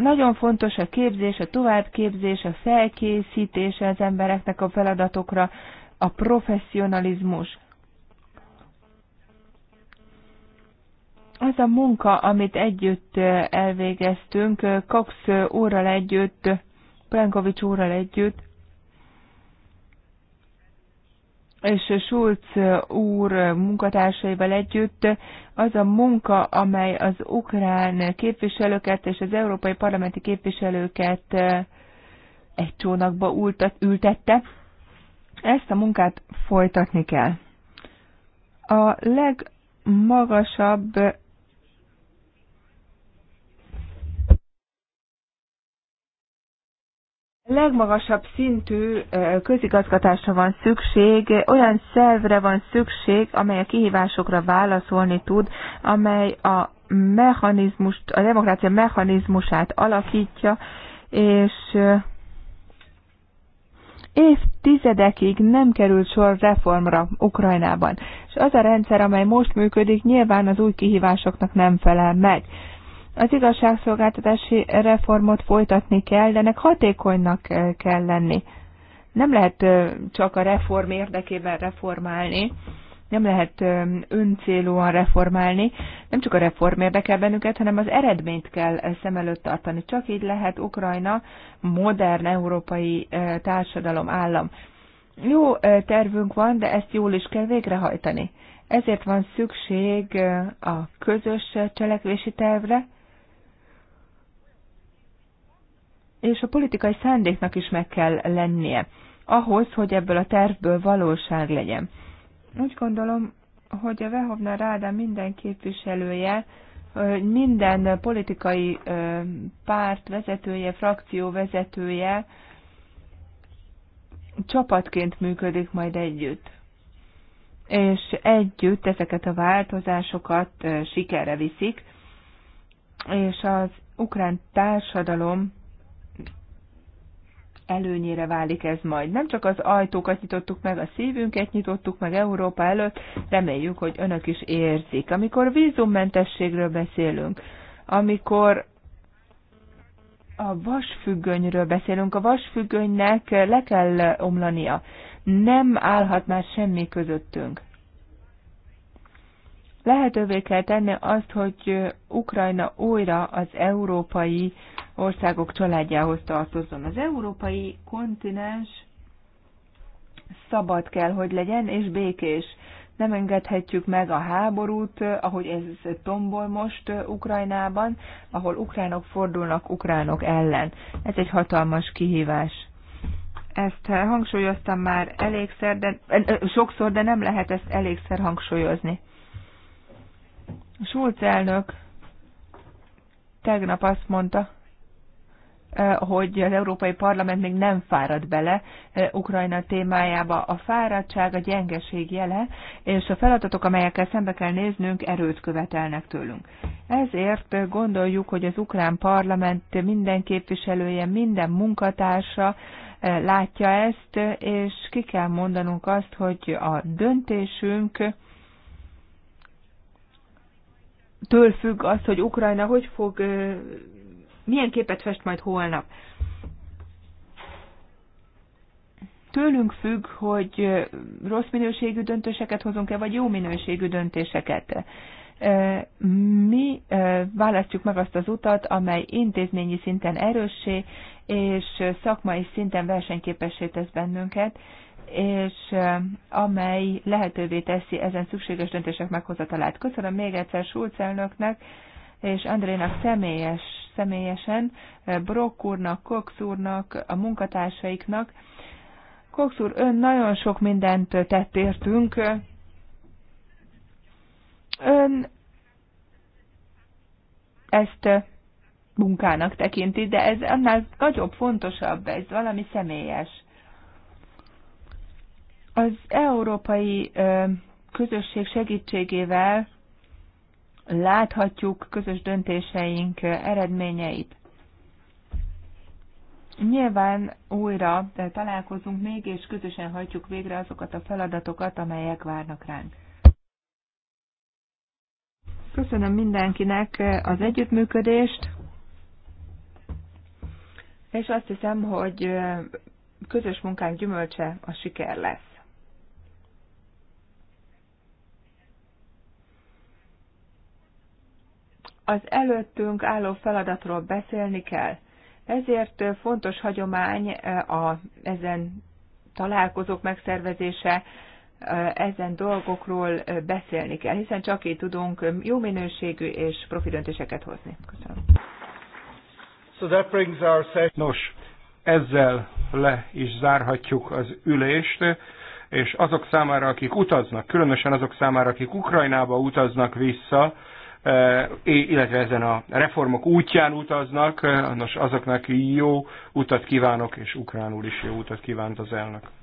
nagyon fontos a képzés, a továbbképzés, a felkészítése az embereknek a feladatokra, a professzionalizmus. az a munka, amit együtt elvégeztünk, Cox úrral együtt, Plenkovics úrral együtt, és Schulz úr munkatársaival együtt az a munka, amely az ukrán képviselőket és az európai parlamenti képviselőket egy csónakba ültette, ezt a munkát folytatni kell. A legmagasabb legmagasabb szintű közigazgatásra van szükség, olyan szervre van szükség, amely a kihívásokra válaszolni tud, amely a mechanizmust, a demokrácia mechanizmusát alakítja, és évtizedekig nem került sor reformra Ukrajnában. És az a rendszer, amely most működik, nyilván az új kihívásoknak nem felel meg. Az igazságszolgáltatási reformot folytatni kell, de ennek hatékonynak eh, kell lenni. Nem lehet eh, csak a reform érdekében reformálni, nem lehet eh, öncélúan reformálni, nem csak a reform érdekel bennünket, hanem az eredményt kell szem előtt tartani. Csak így lehet Ukrajna modern európai társadalom állam. Jó tervünk van, de ezt jól is kell végrehajtani. Ezért van szükség a közös cselekvési tervre, és a politikai szándéknak is meg kell lennie, ahhoz, hogy ebből a tervből valóság legyen. Úgy gondolom, hogy a Vehovna Ráda minden képviselője, minden politikai párt vezetője, frakció vezetője csapatként működik majd együtt. És együtt ezeket a változásokat sikerre viszik, és az ukrán társadalom előnyére válik ez majd. Nem csak az ajtókat nyitottuk meg, a szívünket nyitottuk meg Európa előtt, reméljük, hogy önök is érzik. Amikor vízummentességről beszélünk, amikor a vasfüggönyről beszélünk, a vasfüggönynek le kell omlania. Nem állhat már semmi közöttünk. Lehetővé kell tenni azt, hogy Ukrajna újra az európai országok családjához tartozzon. Az európai kontinens szabad kell, hogy legyen, és békés. Nem engedhetjük meg a háborút, ahogy ez tombol most Ukrajnában, ahol ukránok fordulnak ukránok ellen. Ez egy hatalmas kihívás. Ezt hangsúlyoztam már elégszer, de, sokszor, de nem lehet ezt elégszer hangsúlyozni. Schulz elnök tegnap azt mondta, hogy az Európai Parlament még nem fárad bele Ukrajna témájába. A fáradtság a gyengeség jele, és a feladatok, amelyekkel szembe kell néznünk, erőt követelnek tőlünk. Ezért gondoljuk, hogy az ukrán parlament minden képviselője, minden munkatársa látja ezt, és ki kell mondanunk azt, hogy a döntésünk, től függ az, hogy Ukrajna hogy fog, milyen képet fest majd holnap. Tőlünk függ, hogy rossz minőségű döntéseket hozunk-e, vagy jó minőségű döntéseket. Mi választjuk meg azt az utat, amely intézményi szinten erőssé és szakmai szinten versenyképessé tesz bennünket, és amely lehetővé teszi ezen szükséges döntések meghozatalát. Köszönöm még egyszer Schulz elnöknek és Andrénak személyes, személyesen, Brock úrnak, Cox úrnak, a munkatársaiknak. Cox úr, ön nagyon sok mindent tett értünk. Ön ezt munkának tekinti, de ez annál nagyobb, fontosabb, ez valami személyes az európai közösség segítségével láthatjuk közös döntéseink eredményeit. Nyilván újra találkozunk még, és közösen hajtjuk végre azokat a feladatokat, amelyek várnak ránk. Köszönöm mindenkinek az együttműködést, és azt hiszem, hogy közös munkánk gyümölcse a siker lesz. az előttünk álló feladatról beszélni kell. Ezért fontos hagyomány eh, a, ezen találkozók megszervezése, eh, ezen dolgokról eh, beszélni kell, hiszen csak így tudunk jó minőségű és profi döntéseket hozni. Köszönöm.
So that brings our Nos, ezzel le is zárhatjuk az ülést, és azok számára, akik utaznak, különösen azok számára, akik Ukrajnába utaznak vissza, illetve ezen a reformok útján utaznak, nos azoknak jó utat kívánok, és ukránul is jó utat kívánt az elnök.